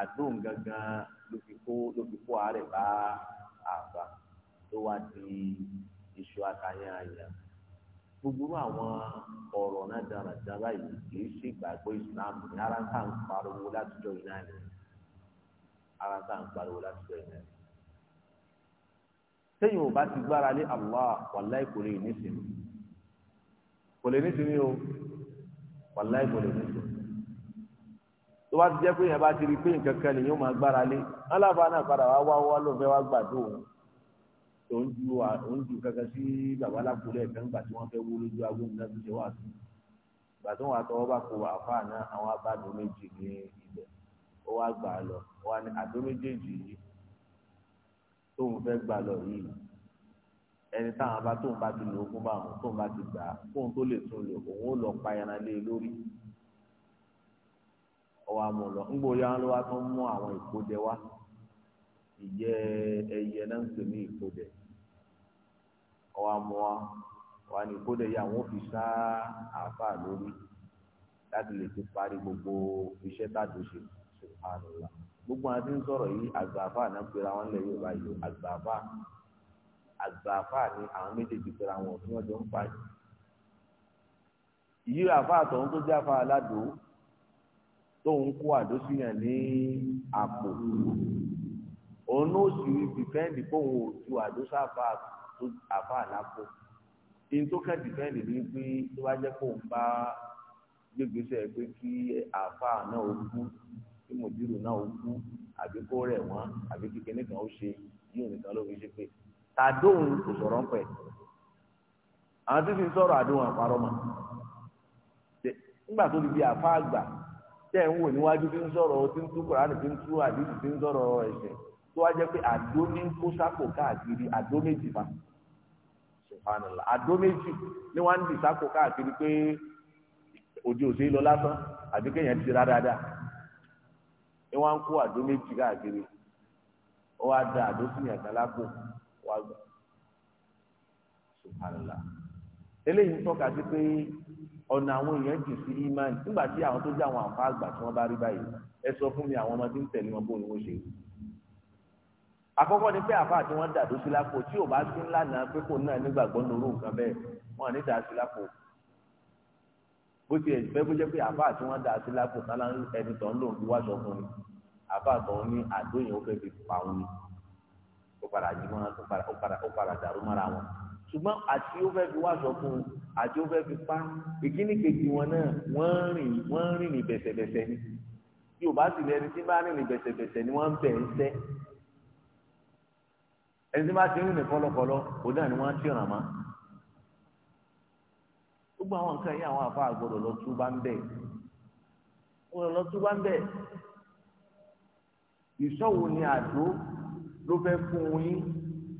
àdóhùn gangan ló fi kó ló fi kó àárẹ̀ bá àbá tó wá di iṣu àtàyàn àyàn gbogbo àwọn ọ̀rọ̀ náà dáradára yìí kì í ṣe ìgbàgbọ́ islam ní ara ń tà ń pariwo látijọ́ iná ni ara ń tà pariwo látijọ́ iná ni. sẹ́yìn ò bá ti gbára lé Allah wàláì kò lè nísìnyí kò lè nísìnyí o wàláì kò lè nísìnyí tó bá ti jẹ́ pé yẹn bá ti rí pé nǹkan kan nìyẹn ó máa gbára lé alábàá náà padà wá wá wá ló fẹ́ wá gbàdo òun ju òun ju kankan sí bàbá alákòóló ẹ̀fẹ́ ńgbà tí wọ́n fẹ́ wó lójú agbóhùn náà tó ṣe wà sí ìgbà tó wà tọwọ́ bá kó àáfàá náà àwọn abáàdó méjì ní ibẹ̀ ó wá gbà á lọ wà ní àdó méjèèjì yìí tóun fẹ́ gbà lọ yìí ẹni táwọn abá tóun bá ti lò ó fún báwọn tóun bá ti gbà á fóun tó lè tún lò òun ó lọ pa lé e lórí ọwọ amú lọ ńgbò ya ló wá tó ń mú àwọn ìkódẹ wá ìjẹ ẹyẹ náà ń pè ní ìkódẹ ọwọ́ amú wa wà ní kódà yìí àwọn òfin sá àáfà lórí láti lè ti parí gbogbo iṣẹ́ táàdù ṣe subhanallah gbogbo àti ń sọ̀rọ̀ yìí àgbààfà náà pera wọn lẹ̀ yóò báyìí àgbààfà àgbààfà ni àwọn méjèèjì pera wọn tí wọ́n jọ ń pa yìí ìyí àfa àtọ̀hún tó jáfa aládò tóun kó àdó síyàn ní àpò òun náà sì rí bìfẹ́ǹdì póun ò ju àdó sáfà àfa àlápò ní tó kẹ́ dìfẹ́ǹdì ní pé tó bá jẹ́ kó ń bá gbégbèsè pé kí àfa náà ó kú kí mòdìrú náà ó kú àbí kó rẹ̀ wọ́n àbí kíkẹ́ nìkan ó ṣe yíò nìkan ló fi ṣe pé tàdóhùn kò sọ̀rọ̀ ń pẹ̀ àwọn tí fi ń sọ̀rọ̀ àdóhùn àparọ́ mọ́ nígbà tó ti di àfa àgbà tẹ̀ ń wò níwájú fi ń sọ̀rọ̀ ó ti ń tú kùránì fi ń tú àdìsí fi ń sọ̀rọ̀ ẹ̀sẹ̀ tó wá jẹ́ pé àdó ní kó fa subhanallah àdó méjì ni wọ́n ń dì sápò káàkiri pé òjò òsè lọ lásán àbí kéèyàn ti ra dáadáa ni wọ́n ń kó àdó méjì káàkiri ó wá da àdó sí lápò wá gbà eléyìí ń tọ́ka sí pé ọ̀nà àwọn èèyàn jù sí àkọ́kọ́ ni pé àfa àti wọn dàdó sí lápò tí ò bá sí ńlá náà pé kò náà nígbàgbọ́ lóru nǹkan bẹ́ẹ̀ wọn ní dàá sí lápò bó ti ẹ̀jẹ̀ bẹ́ẹ̀ bó jẹ́ pé àfa àti wọn dàá sí lápò kálá ẹni tó ń lò ń wá sọ fún mi àfa àtọ̀ ní àdó yẹn ó fẹ́ fi pa wọn ni ó padà jí wọn ó padà dàrú mọ́ra wọn ṣùgbọ́n àti ó fẹ́ fi wá sọ fún àti ó fẹ́ fi pa ìkíní kejì wọn náà wọ́n rìn wọ́n rìn ní bẹ̀sẹ̀bẹ̀sẹ̀ ni yóò bá sì lẹ́ni ẹni tí wọ́n ti rìn ní kọ́lọ́kọ́lọ́ òun náà ni wọ́n ti ràn má. gbogbo àwọn nǹkan yìí àwọn àfa àgbọ̀dọ̀ lọ tú bá ń bẹ̀ gbọ́dọ̀ lọ tú bá ń bẹ̀ ìṣọ́wò ni àdó ló fẹ́ fún yín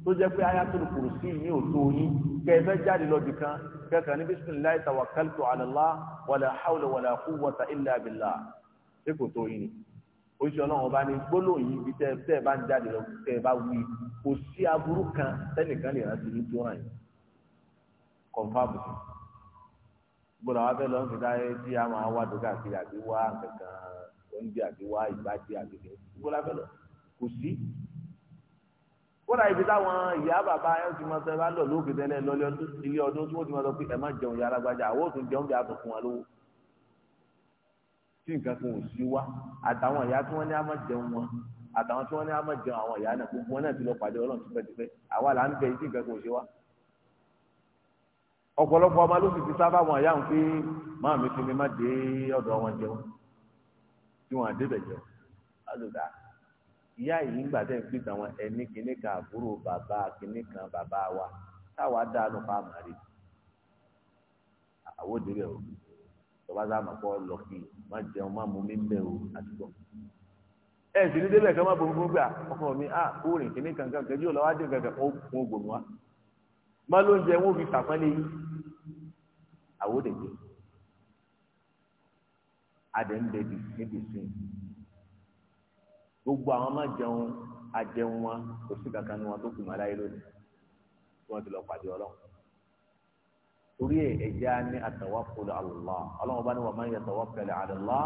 tó jẹ́ pé ayatul kursi yín ò tó yín kẹ́ ẹ fẹ́ jáde lọ dìkan kẹ́kẹ́ ní bisimilayi tawakkaltu ala Allah wala hawla wala quwwata illa billah ṣé kò tó yín ni oṣù ọlọ́run ọba ní gbólóhùn yìí ibi tẹ́ tẹ́ bá ń jáde lọ tẹ́ bá wí kò sí aburú kan tẹ́nìkan lè rántí ní tó ràn yín kọ̀ǹfàbù sí gbọ́dọ̀ wá fẹ́ lọ ń fi dáyé tí a máa wá dùkà kiri àti wá kankan oúnjẹ àti wá ìgbàdí àti kìnìún gbọ́dọ̀ fẹ́ lọ kò sí. kódà ibi táwọn ìyá bàbá ẹ ti máa sọ ẹ bá lọ lóògì tẹ́lẹ̀ lọ́lẹ́ ilé ọdún tí wọ́n ti máa sọ pé ẹ má jẹun yàrá gbájà àwọn òtún jẹun bí a tó fún wa lówó tí nǹkan kan ò sí wá àtàwọn ìyá tí wọ́n ní á má jẹun wọn àtàwọn tí wọ́n ní á má jẹun àwọn ìyá náà gbogbo wọn náà ti lọ pàdé ọlọ́run tipẹ́tipẹ́ àwa là ń bẹ tí nǹkan kan ò sí wá. ọ̀pọ̀lọpọ̀ ọmọ ló sì ti sábà wọn àyà ń pé máa mi fi mi má dé ọ̀dọ̀ wọn jẹun tí wọn àdébẹ̀ jẹun alùpàá ìyá yìí ń gbà tẹ́ tàwọn ẹni kìíní kan àbúrò bàbá kìíní kan bàbá wa táwa dáa nù pa àmàlẹ́ àwòdìrẹ́ tọ́ba sá mọ̀ kọ́ lọ kí má jẹun má mú mi bẹ́ẹ̀ o àtúgbọ̀. ẹ sì ní débẹ̀ kan má bomi fún gbà ọkọ mi à ah, ó rìn kíní kankan kẹjú ọ̀la wá dé kankan ó kún ogun wa má ló ń jẹ wọn ò fi sàpẹ́lẹ̀ yìí àwọn òde gbé adé ń bẹbi níbi sùn gbogbo àwọn má jẹun ajẹun wọn kò sí kankan ní wọn tó kù mọ́ aláyé lónìí tí ti lọ pàdé ọlọ́run torí ẹ ẹjẹ á ní àtàwákùlù àlùlá ọlọ́run bá ní wàá máa ń yàtàwákùlù àlùlá.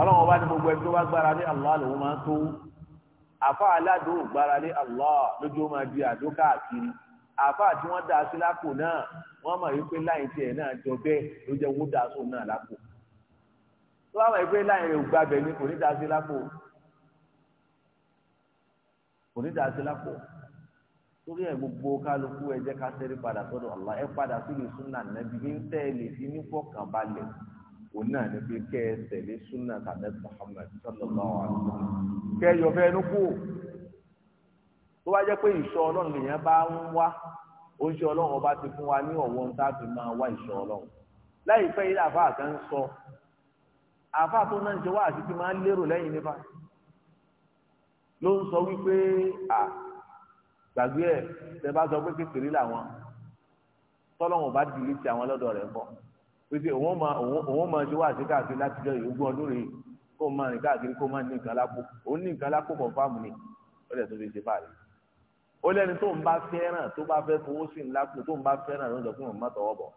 ọlọ́run bá ní gbogbo ẹni tó bá gbára lé àlùlá lòun máa ń tó àfa aládùn gbára lé àlùlá lójú ó máa di àdó káàkiri àfa tí wọ́n dá sí lápò náà wọ́n mọ̀ wípé láyìn tiẹ̀ náà jọ bẹ́ẹ̀ ló jẹ́ wọ́n dá sóun náà lápò tó bá mọ̀ wípé láyìn rẹ̀ ò gbàbẹ̀ ni kò ní dá sí lápò kò ní dàá sí lápò torí ẹ gbogbo kálukú ẹ jẹ́ ká sẹ́rí padà sọ́dọ̀ Allah ẹ padà sí ní súnà nàbí ní tẹ́ ẹ lè fi ní fọkànbalẹ̀ òun náà ní pé kẹ́ ẹ tẹ̀lé súnà tàbí Muhammad sallallahu alaihi wasallam kẹ́ ẹ yọ fẹ́ ẹnu kú tó bá jẹ́ pé ìṣọ́ ọlọ́run lèèyàn bá ń wá oúnjẹ ọlọ́run ọba ti fún wa ní ọ̀wọ́ ń tá a fi máa wá ìṣọ́ ọlọ́run láìpẹ́ yìí àfa àkàn sọ àfa tó náà ń ṣe wá àti ti máa ń lérò lẹ́yìn nípa ló ń sọ wípé à gbàgbé ẹ̀ tẹ bá sọ pé kékeré làwọn tọ́lọ́wọ̀n bá dìlé ti àwọn lọ́dọ̀ rẹ̀ kọ́ pété òun máa òun máa ṣe wá sí káàkiri láti jọ ìrógún ọdún rèé kó máa rìn káàkiri kó máa ní nǹkan lápò òun ní nǹkan lápò kọ̀ fáàmù ni ó lẹ̀ tó fi ṣe fáàrí ó lẹ́ni tó ń bá fẹ́ràn tó bá fẹ́ fowó sí ńlá kù tó ń bá fẹ́ràn ló ń sọ fún òun má tọwọ́ bọ̀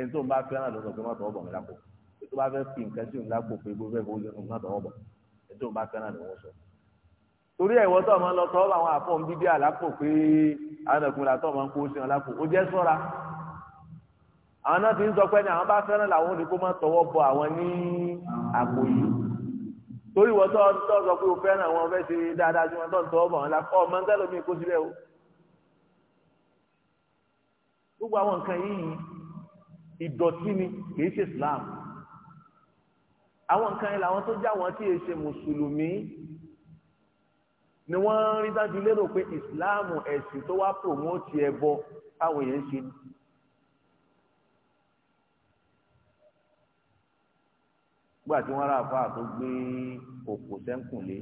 ẹni tó ń bá fẹ́ràn ló ń sọ fún òun má tọwọ́ bọ̀ ńlá kù tó bá fẹ́ fi nǹkan sí ńlá kù pé bó fẹ́ fowó sí òun má tọwọ́ bọ̀ ètò bá fẹ́ràn ni sọ. torí tó ọmọ lọ tọ́wọ́ àwọn àfọ̀n bíbí àlápò pé àwọn ọmọ ń kó sí wọn lápò ó jẹ́ sọ́ra. àwọn náà ti ń sọ pé ní àwọn bá fẹ́ràn làwọn ò ní kó má tọwọ́ bọ àwọn yìí. o ṣe dáadáa sí wọn tó ń o. gbogbo àwọn nǹkan yìí ni kì í àwọn nǹkan yẹn làwọn tó jẹ́ àwọn tí èsè mùsùlùmí ni wọ́n rí dájú lérò pé ìsìláàmù ẹ̀sìn tó wá promote ẹbọ táwọn èèyàn ṣe ni. gbà tí wọ́n rà fáà tó gbé òkò sẹ́ńkùnlé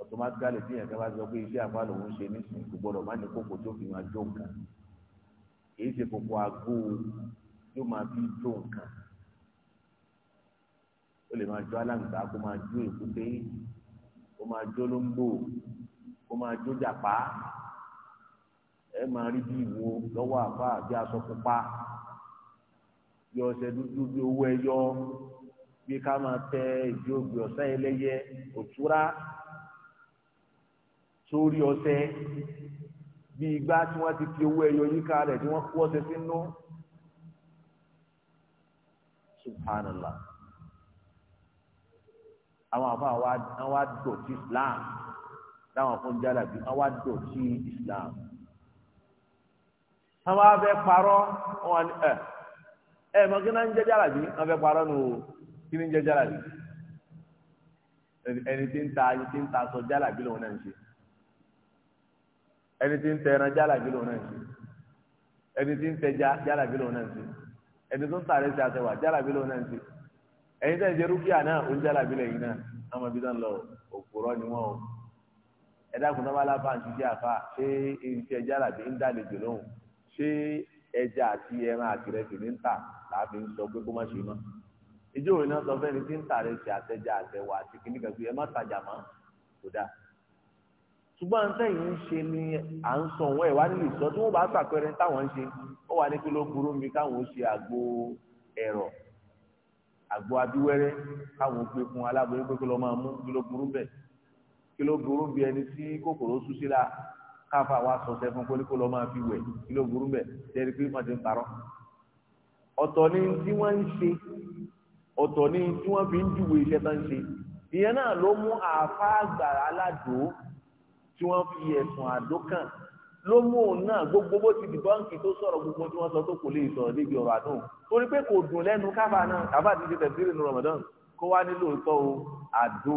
automatically tí yẹn kí wọ́n bá sọ pé iṣẹ́ àfa lòun ṣe nísìnyí kò gbọ́dọ̀ má ní kókò tó fi máa jó nǹkan èyí ṣe kókò àgó yóò máa fi jó nǹkan ó lè máa jó aláǹgbá kó máa jó èkúté kó máa jó lóńgbò kó máa jó jàpá ẹ máa rí bí ìwo lọ́wọ́ àfa bí aṣọ pupa bí ọṣẹ dúdú bí owó ẹyọ bí ká máa tẹ ìdí ògbé ọ̀sán ẹlẹ́yẹ òtúrá sórí ọṣẹ bí igbá tí wọ́n ti fi owó ẹyọ yíká rẹ̀ tí wọ́n kó ọṣẹ sínú subhanallah àwọn àfa àwọn wá dò sí islam táwọn fún jálàbí àwọn wá dò sí islam àwọn afẹ parọ́ wọn ni ẹ ẹ mọ kí náà ń jẹ jálàbí wọn fẹ parọ́ nù o kí ni ń jẹ jálàbí ẹni tí ń ta ẹni tí ń ta sọ jálàbí lòun náà ń ṣe ẹni tí ń tẹ ẹran jálàbí lòun náà ń ṣe ẹni tí ń tẹja jálàbí lòun náà ń ṣe ẹni tó ń tàrẹsì àtẹwà jálàbí lòun náà ń ṣe ẹ̀yin tẹ́ ń jẹ rúkìá náà oúnjẹ́lá bílẹ̀ yìí náà ọmọ ibi tán lọ òpòrọ́ ni wọ́n o ẹ̀dá kun tábàlá bá ń ṣiṣẹ́ àfa ṣé iṣẹ́ ẹja làbí ń dàlejò lóhùn ṣé ẹja àti ẹran àtìrẹsì ní ń tà láàbí ń sọ pé kó má ṣe mọ́ ìjọ òun náà sọ fẹ́ ni tí ń tà rẹ̀ ṣe àtẹ̀jà àtẹ̀wà àti kìnnì kan pé ẹ má tajà mọ́ kò dáa ṣùgbọ́n àwọn tẹ̀yìn ń ṣe ni à ń sọ òun ẹ̀ wá nílùú ìsọ tí wọ́n bá ṣàpẹẹrẹ táwọn ń ṣe ó wà ní kí ló burú mi káwọn ó ṣe àgbo ẹ̀rọ àgbo abíwẹ́rẹ́ káwọn gbé fún aláboyún pé kí ló máa mú kí ló burú bẹ̀ kí ló burú bí ẹni tí kòkòrò sú la káfa wa sọ sẹ fún kólíkó lọ máa fi wẹ̀ kí ló burú bẹ̀ tẹ́lẹ̀ pé wọ́n ti ń parọ́ ọ̀tọ̀ ni tí wọ́n ń ṣe ọ̀tọ̀ ni tí wọ́n fi ń júwe iṣẹ́ tó ń ṣe ìyẹn náà ló mú àáfàá àgbà aládùn tí wọ́n fi ẹ̀sùn àdókàn ló mú òun náà gbogbo bó ti di bọ́ǹkì tó sọ̀rọ̀ gbogbo tí wọ́n sọ tó kò lè sọ̀rọ̀ níbi ọ̀rọ̀ àdóhùn torí pé kò dùn lẹ́nu kábà náà kábà ti ṣe tẹ̀síìrì ní Ramadan kó wá nílò ìtọ́ o àdó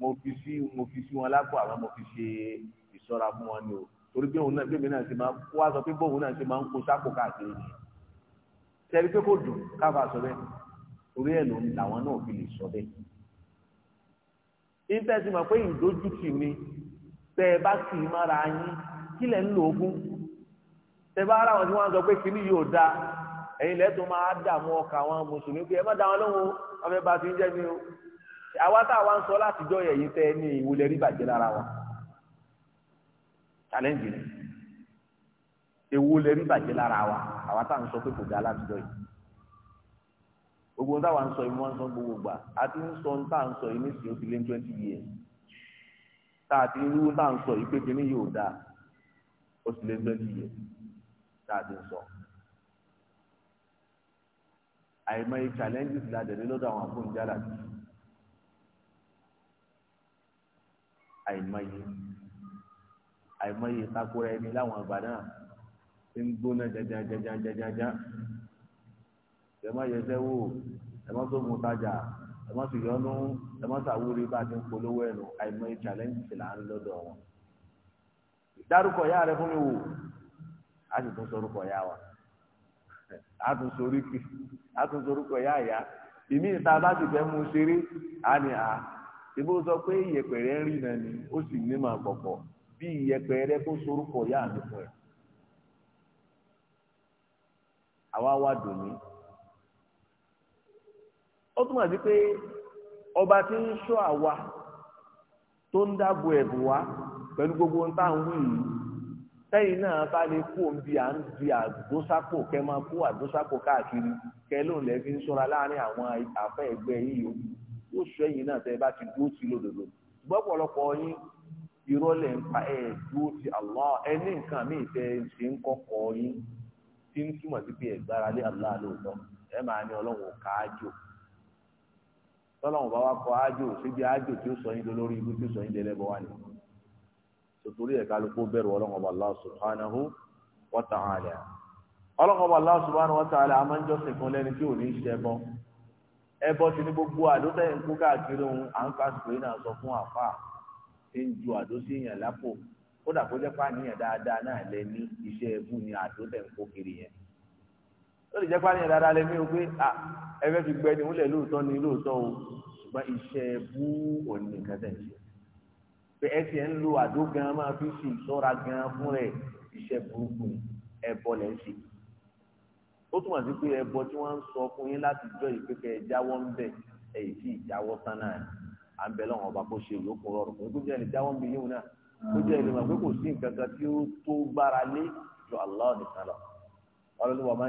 mo fi sí mo fi sí wọn lápò àwọn mo fi ṣe ìṣọ́ra fún wọn ni o torí pé òun náà gbèmí náà ṣe máa kó wá sọ pé bóun náà ṣe máa ń kó sápò káàkiri ni tẹ̀rí pé kò dùn kábà sọ bẹ́ẹ̀ torí ẹ̀ lòun làwọn náà fi lè sọ bẹ́ẹ̀ íńtẹ́sì mọ̀ pé ìdójútì mi tẹ́ ẹ bá kì í mára yín kílẹ̀ ń lo ogún tẹ́bá ara wọn tí wọ́n sọ pé kíní yóò da ẹ̀yin lẹ́tọ̀ọ́ máa dààmú ọkà àwọn mùsùlùmí pé ẹ má da wọn lóhùn ọmọ ẹ bá ń jẹ́ mi o àwa tá a wá ń sọ látijọ́ yẹ̀ yìí tẹ́ ní ìwúlẹ̀ rí bàjẹ́ lára wa challenge ni ìwúlẹ̀ rí bàjẹ́ lára wa àwa tá a ń sọ pé kò dá látijọ́ yìí gbogbo ń táwa ń sọ yìí wọ́n sọ gbogbo gbà á ti ń sọ ń tá ń sọ yìí ní sìn ó ti lé twenty years tá a ti ń rú ń tá ń sọ yìí pé kíní yóò dáa ó sì lé gbẹ́bí yẹ tá a ti sọ. àìmọye challenges la dẹ̀ ní lọ́dọ̀ àwọn àfọ̀njálà bí àìmọye àìmọye ìtakora ẹni láwọn àgbà ti ń gbóná jajajajajaja ẹ má yẹsẹ wò ẹ má sógun tajà ẹ má sì yọnu ẹ má sàwúrí bá a ti ń polówó ẹnu àìmọye challenges là ń lọ́dọ̀ wọn. dárúkọ ya rẹ fún mi wò á sì tún sorúkọ wa á tún soríkì á tún sorúkọ ya ìyá ìmí ìta bá sì fẹ́ mú ṣeré a ní à ìbò sọ pé ìyẹ̀pẹ̀rẹ̀ ń rí náà ni ó sì ní màá pọ̀pọ̀ bí ìyẹ̀pẹ̀rẹ̀ kó sorúkọ ya mi fún ẹ. àwa wá dùn ó ọba ti ń àwa tó ń dáàbò pẹ̀lú gbogbo ń táwọn wí yìí tẹ́yìn náà bá lè kó bí à ń di àdósápò kẹ́ máa kó àdósápò káàkiri kẹ́ lóun lẹ́ fi ń ṣọ́ra láàrin àwọn àfẹ́ ẹgbẹ́ yín yòó yóò sọ náà tẹ́ bá ti dúró sí lódodo gbọ́pọ̀lọpọ̀ yín ń pa ẹ̀ dúró sí ẹni nǹkan ṣe ń kọ́kọ́ yín tí ń túmọ̀ sí pé lé ẹ máa ní ọlọ́run káájò tọ́lọ́run bá wá kọ ájò síbi sotori ẹ̀ka lóko bẹ̀rù ọlọ́run Allah subhanahu wa ta'ala ọlọ́run Allah subhanahu wa ta'ala a máa ń jọ́sìn fún lẹ́ni tí ò ní ṣe ẹbọ ẹbọ ti ní gbogbo àdótẹ́ ń kó káàkiri ohun à ń fa sùpè náà sọ fún àfa tí ń ju àdó sí èèyàn lápò kódà kó jẹ́ pàníyàn dáadáa náà lẹ ní iṣẹ́ ẹbú ni àdótẹ́ ń kó kiri yẹn ó lè jẹ́ pàníyàn dáadáa lẹ ní o pé ẹgbẹ́ fi gbẹ́ni ó lẹ̀ lóòótọ́ ni lóòótọ́ o ṣùgbọ́n iṣẹ́ ẹbú òní nìkan tẹ̀ pé ẹsẹ̀ ń lo àdó gan máa fi ṣe ìṣọ́ra gan fún rẹ̀ iṣẹ́ burúkú ẹ̀bọ lẹ́ ṣe. ó túmọ̀ sí pé ẹ̀bọ tí wọ́n ń sọ fún yín láti jọ ìpẹ́kẹ́ jáwọ́ ń bẹ̀ èyí sì jáwọ́ sánà à ń bẹ lọ́wọ́n ọba kó ṣe ìyókù rọrùn kó jẹ́ ẹni jáwọ́ ń bẹ yíwọ́n náà kó jẹ́ ẹni pé kò sí nǹkan kan tí ó tó gbára lé ju Allah nìkan lọ. ọlọ́run wa máa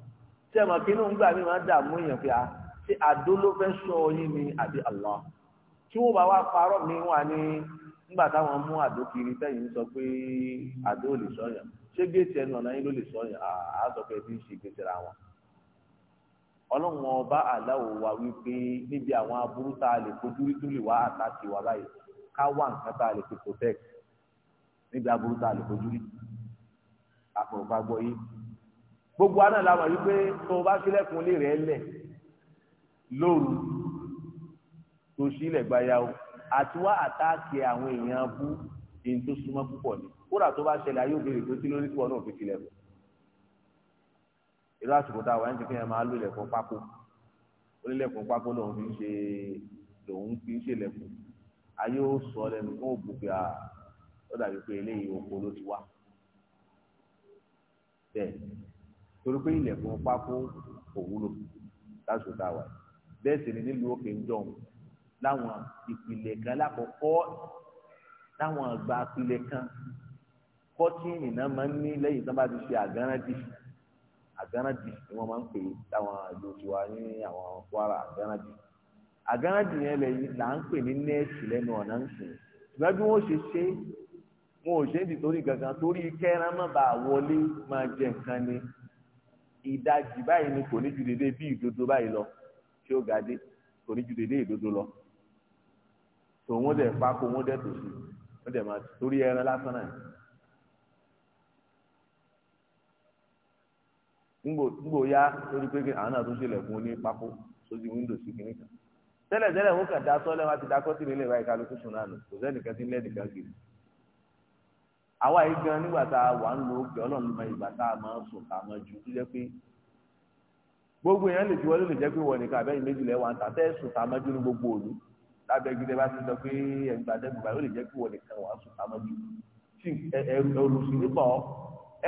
sẹ́mọ̀ kí inú gbà mí máa dààmú èèyàn pé a ṣé àdó ló sọ yín ni àbí Allah tí wọ́n bá wá parọ́ mi wà ní nígbà táwọn mú àdó kiri sẹ́yìn sọ pé àdó ò lè sọ̀yàn ṣé géètì ẹnu ọ̀nà yín ló lè sọ̀yàn àá sọ pé ẹbí ń ṣe géètì ra wọn. ọlọ́run ọba aláwo wa wípé níbi àwọn aburú tá a lè fojú rí dúlì wá àtàkì wa báyìí ká wà nǹkan tá a lè fi protect níbi aburú tá a lè fojú rí àpòròpá gbogbo aná la mọ̀ wípé tó o bá sílẹ̀kùn lè rẹ̀ lẹ̀ lóru tó sílẹ̀ gbayàwó àti wá àtáàkì àwọn èèyàn bú èyí tó súnmọ́ púpọ̀ ni kódà tó bá ṣẹlẹ̀ ayé òbèrè tó tí lórí tí wọn náà fi tilẹ̀ bọ̀ irú àsìkò tá a wà ní tìkẹ́yìn máa lò lẹ̀kùn pákó onílẹ̀kùn pákó lòun fi ń ṣe lòun fi ń ṣe lẹ̀kùn ayé ó sọ lẹ́nu kó o bù ó dàbí pé eléyìí oko ló ti wá bẹ́ẹ̀ torí pé ilẹ̀kùn pákó kò wúlò lásìkò tá bẹ́ẹ̀ sì ni nílùú òkè ń dọ̀hún láwọn ìpìlẹ̀ kan lákọ̀ọ́kọ́ láwọn àgbà ìpìlẹ̀ kan kọ́tíìnì náà máa ń ní lẹ́yìn tó bá ti ṣe àgánádì àgánádì ni wọ́n máa ń pè láwọn ìlú tiwa ní àwọn Kwara àgánádì àgánádì yẹn là ń pè ní nẹ́ẹ̀sì lẹ́nu ọ̀nà ń sìn ṣùgbọ́n bí wọ́n ṣe ṣe wọn ò ṣe ń dìtorí gangan torí kẹ́ran má wọlé máa jẹ nǹkan ni ìdajì báyìí ni kò ní ju dédé bí ìdodo báyìí lọ tí ó ga dé kò ní ju dédé ìdodo lọ tò wọ́n dẹ̀ pákó wọ́n dẹ̀ tòṣì wọ́n dẹ̀ máa torí ẹran lásán náà. ngbò ya lórí pé àwọn náà tó ṣẹlẹ̀kùn ní pákó sójú wíńdò sí kìnìún kan tẹ́lẹ̀ tẹ́lẹ̀ wọ́n kàn dá sọ́lẹ́ wọn ti dá kọ́tìrì lè báyìí kálukú sùn náà nù kò sẹ́nìkan ti lẹ́ẹ̀dì kan kiri àwa yìí gan nígbà tá a wà ń lo òkè ọlọ́run mọ ìgbà tá a máa ń sùn tá a máa ju tó jẹ́ pé gbogbo èèyàn lè juwọ́ ló lè jẹ́ pé wọ́n nìkan àbẹ́yìn méjì lẹ́wọ̀n àtà tẹ́ sùn tá a máa ju ní gbogbo òlu lábẹ́ gidi bá ti sọ pé ẹgbà dẹ́gbà ó lè jẹ́ pé wọ́n nìkan wàá sùn tá a máa ju tí olùsùn nípa ọ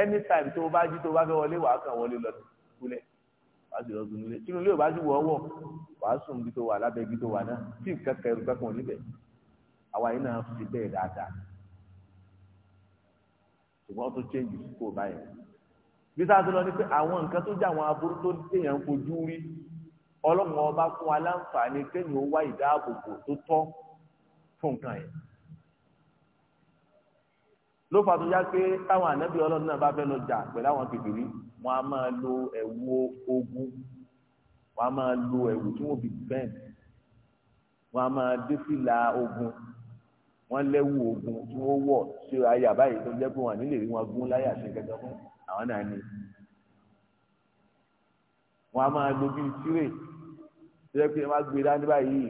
anytime tó o bá jí tó o bá fẹ́ wọlé wàá kàn wọlé lọ kulẹ̀ wàá sì lọ sùn nílé tí ilé ò bá sì wọ ọwọ́ wàá sùn bí tó wà lábẹ́ gidi tó wà náà tí nǹkan kẹrù kẹkùn níbẹ̀ àwa ṣùgbọ́n tó change kó báyìí bí sáà tó lọ ni pé àwọn nǹkan tó jẹ́ àwọn aburú tó téèyàn ń fojú rí ọlọ́run ọba fún wa láǹfààní kéèyàn ó wá ìdáàbòbò tó tọ́ fún nǹkan yẹn ló fà tó já pé táwọn ànábì ọlọ́run náà bá fẹ́ lọ jà pẹ̀lú àwọn kékeré wọn a máa lo ẹ̀wù ogun wọn a máa lo ẹ̀wù tí wọn fi bẹ́ẹ̀ wọn a máa dé fìlà ogun wọ́n lẹ́wù ogun tí wọ́n wọ̀ sí ayé àbáyé tó jẹ́ pé wọ́n nílè rí wọn gún láyé àṣẹ kẹta fún àwọn náà ni. wọ́n á máa lo bíi tirè tó jẹ́ pé wọ́n á gbé dání báyìí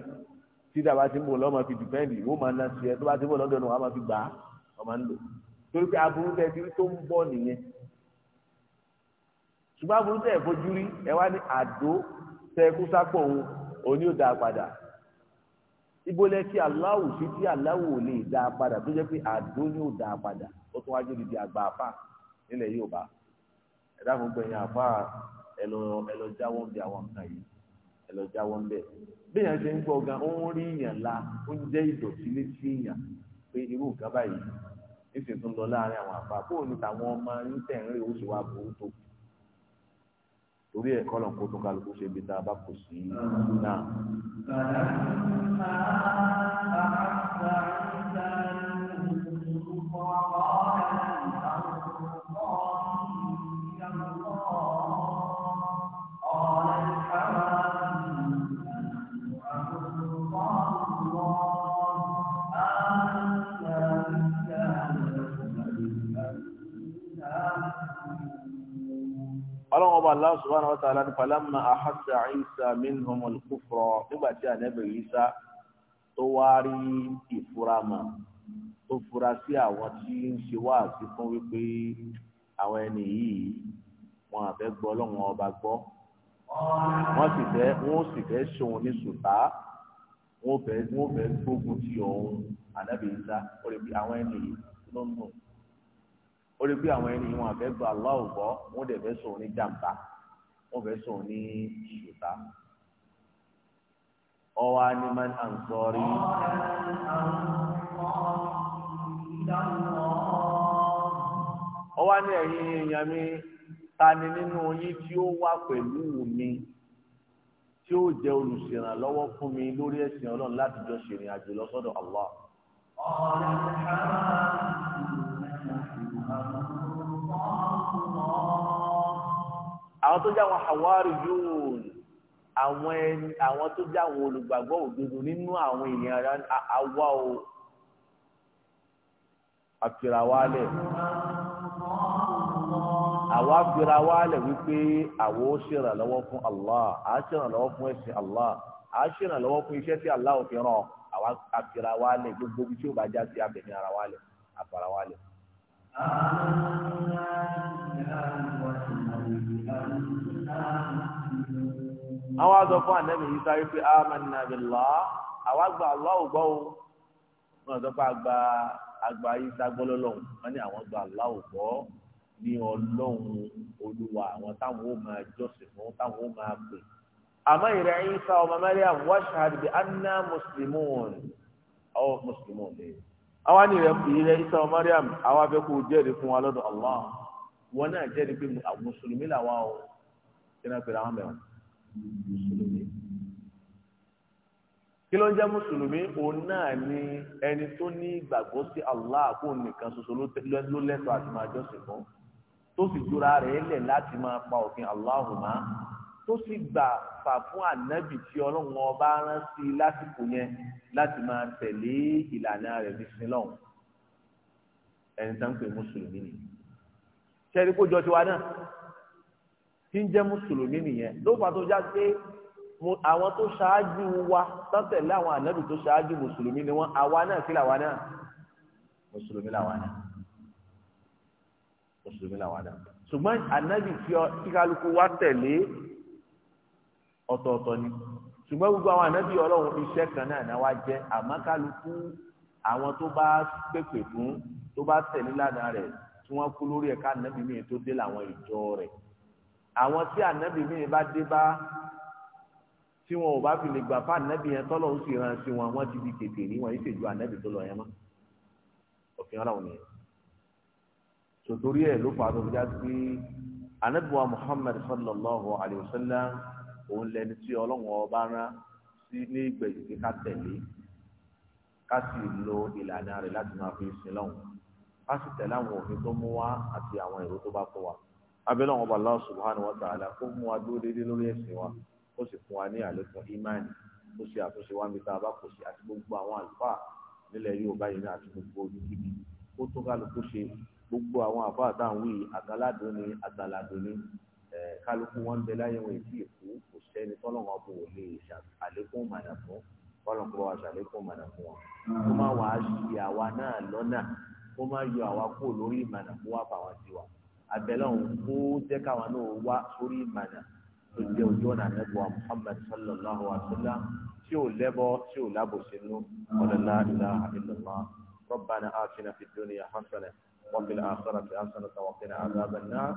títa bá ti ń bò lọ́mọ fi dìpẹ́ndì wọ́n máa ń lọ sí ẹ tó bá ti ń bò lọ́dọ̀ ni wọ́n á máa fi gbà á wọ́n máa ń lò torí pé aburú tẹ ti rí tó ń bọ̀ nìyẹn ṣùgbọ́n aburú tẹ fojú rí ẹ wá ní àdó tẹ kú sápò òun òní ò dáa padà ibo lẹ ti aláwò sí tí aláwò lè dá a padà tó jẹ́ pé àdó ni ó dá a padà ó tún wájú di àgbà àfà nílẹ̀ Yorùbá ẹ dákun gbẹ̀yìn àfà ẹ lọ ẹ ń bẹ àwọn nǹkan yìí ẹ lọ ń bẹ béèyàn ṣe ń gbọ́ gan ó rí èèyàn la ó ń jẹ́ ìdọ̀tí létí èèyàn pé irú nǹkan báyìí nísìnyí tó ń lọ láàrin àwọn àfà bóun ni tàwọn ọmọ ń tẹ̀ ń rí oṣù wa burú tó torí ẹ̀ kọ́ lọ́n kó tó kálukú ṣe ibi tá a bá kù sí náà. Bàbá الله سبحانه وتعالى فلما أحس عيسى منهم Isa minhumul kufra nígbà tí ànábì Isa tó wá rí ìfurama tó fura sí àwọn tí ń ṣe wáàsí fún wípé àwọn ẹni yìí wọn àfẹ́ gbọ́ lọ́wọ́n ọba gbọ́ wọ́n sì fẹ́ wọ́n sì fẹ́ ṣòun ní sùtá wọ́n fẹ́ wọ́n fẹ́ gbógun ti ọ̀hún ànábì ó lè bí àwọn ẹni yìí ó lè bí àwọn ẹni wọn àfẹ́ gbọ́ aláwọ̀ gbọ́ wọ́n dẹ̀ fẹ́ ṣòun ní jàǹbá. ọ fẹ́ ní ṣùtá ọwọ́ animal and sorry. ọwọ́ ní ẹ̀yin èèyàn mi ta ni nínú yín tí ó wà pẹ̀lú mi tí ó jẹ́ olùṣèrànlọ́wọ́ fún mi lórí ẹ̀sìn ọlọ́run láti jọ ṣèrìn àjò lọ sọ́dọ̀ àwọn tó jẹ́ àwọn àwárí yóò àwọn ẹni àwọn tó jẹ́ àwọn olùgbàgbọ́ òdodo nínú àwọn ènìyàn àwa o àfìrà wálẹ̀ àwa fìrà wálẹ̀ wípé àwa ó ṣèrànlọ́wọ́ fún Allah àá ṣèrànlọ́wọ́ fún ẹ̀sìn Allah àá ṣèrànlọ́wọ́ fún iṣẹ́ tí Allah ò fi ràn àwa àfìrà wálẹ̀ gbogbo ibi tí ó bá já sí abẹ̀mí ara wálẹ̀ àfàrà wálẹ̀ àwọn azọ fún anabi yìí sáré pé amanna billah àwa gba Allah ò gbọ́ o wọn sọ pé àgbà àgbà yìí sagbọ́ lọ́lọ́hún wọn ní àwọn gba Allah ò gbọ́ ní ọlọ́hún olúwa àwọn táwọn ó máa jọ́sìn fún táwọn ó máa pè àmọ́ ìrẹ̀ yín sá ọmọ Maryam washhad bi anna muslimun àwọn muslimun lè àwọn ìrẹ̀ ìrẹ̀ sá ọmọ Maryam àwọn afẹ́kù jẹ́rìí fún wa lọ́dọ̀ Allah wọn náà jẹ́rìí pé mùsùlùmí làwọn o kí náà pèrè àwọn mẹ́wọ̀n mùsùlùmí. kí ló ń jẹ́ mùsùlùmí òun náà ni ẹni tó ní ìgbàgbọ́ sí Allah kó nìkan ṣoṣo ló lẹ́tọ̀ọ́ àti máa jọ́sìn fún tó sì jura rẹ̀ lẹ̀ láti máa pa òfin Allahumma tó sì gbà fà fún ànábì tí ọlọ́run ọba rán sí lásìkò yẹn láti máa tẹ̀lé ìlànà rẹ̀ bí sinlọ́hún ẹni tá ń pè mùsùlùmí nìyí sẹ́ni kó jọ tiwa náà tí ń jẹ́ mùsùlùmí nìyẹn ló fà tó já pé àwọn tó ṣáájú wa tọ́tẹ̀lé àwọn ànábì tó ṣáájú mùsùlùmí ni wọ́n àwa náà sí làwa náà mùsùlùmí làwa náà mùsùlùmí làwa náà ṣùgbọ́n ànábì tí kálukú wa tẹ̀lé ọ̀tọ̀ọ̀tọ̀ ni ṣùgbọ́n gbogbo àwọn ànábì ọlọ́run iṣẹ́ kan náà náà wá jẹ́ àmọ́ kálukú àwọn tó bá pèpè fún tó bá tẹ̀lé lánàá rẹ̀ wọ́n kú lórí ẹ̀ka ànábì míì tó dé làwọn ìjọ rẹ̀ àwọn tí ànábì míì bá dé bá tí wọn ò bá fi lè gbà fún ànábì yẹn tọ́lọ̀ ń sì ran sí wọn wọ́n ti di tètè ní wọn yìí ṣèjú ànábì tó lọ yẹn mọ́ òfin ọlọ́run nìyẹn sòtórí ẹ̀ ló fà á tó fi já sí ànábì wa Muhammad sallallahu alayhi wa sallam òun lẹni tí ọlọ́run ọba rán sí ní ìgbẹ̀yìn ká tẹ̀lé ká sì lo ìlànà rẹ̀ láti máa fi sin lọ́hùn a sì tẹ̀lé àwọn òfin tó mú wá àti àwọn èrò tó bá kó wa abẹ́lẹ́ wọn bá Allah subhanahu wa ta'ala kó mú wa dúró déédéé lórí ẹ̀sìn wa ó sì fún wa ní àlékún ìmáànì ó sì àtúnṣe wa níbi bá kò sí àti gbogbo àwọn àlùfáà nílẹ̀ Yorùbá yìí náà àti gbogbo olùkíbi ó tó kálukú ṣe gbogbo àwọn àbá àtàwọn yìí àgàládùn ni àgàládùn ni kálukú wọn bẹ láyé wọn èyí èkó kò sẹ́ni tọ́lọ́wọ́n bò wò lè ṣàlékún mànà fún tọ́lọ́wọ́n bò wà ṣàlékún mànà fún wọn. ó má wàá ṣì àwa náà lọ́nà kó má yọ àwa kó lórí ìmànà kó wá fà wá sí wa abẹ́lẹ́ òun kó jẹ́ káwa náà wá sórí ìmànà tó jẹ́ ojú ọ̀nà àdẹ́gbọ̀n Muhammad sallallahu alaihi wa sallam tí ò lẹ́bọ̀ tí ò lábòsí nú ọ̀lọ́lá ilaha illallah ربنا آتنا في الدنيا حسنة وفي الآخرة حسنة وقنا عذاب النار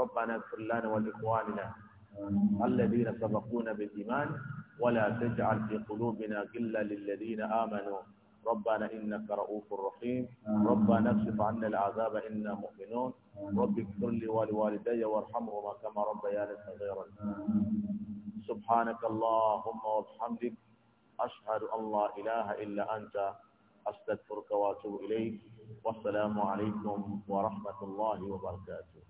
ربنا اغفر لنا ولإخواننا الذين سبقونا بالإيمان ولا تجعل في قلوبنا ربنا إنك رؤوف رحيم ربنا اكشف عنا العذاب إنا مؤمنون رب اغفر لي ولوالدي وارحمهما كما ربياني صغيرا سبحانك اللهم وبحمدك أشهد أن لا إله إلا أنت أستغفرك وأتوب إليك والسلام عليكم ورحمة الله وبركاته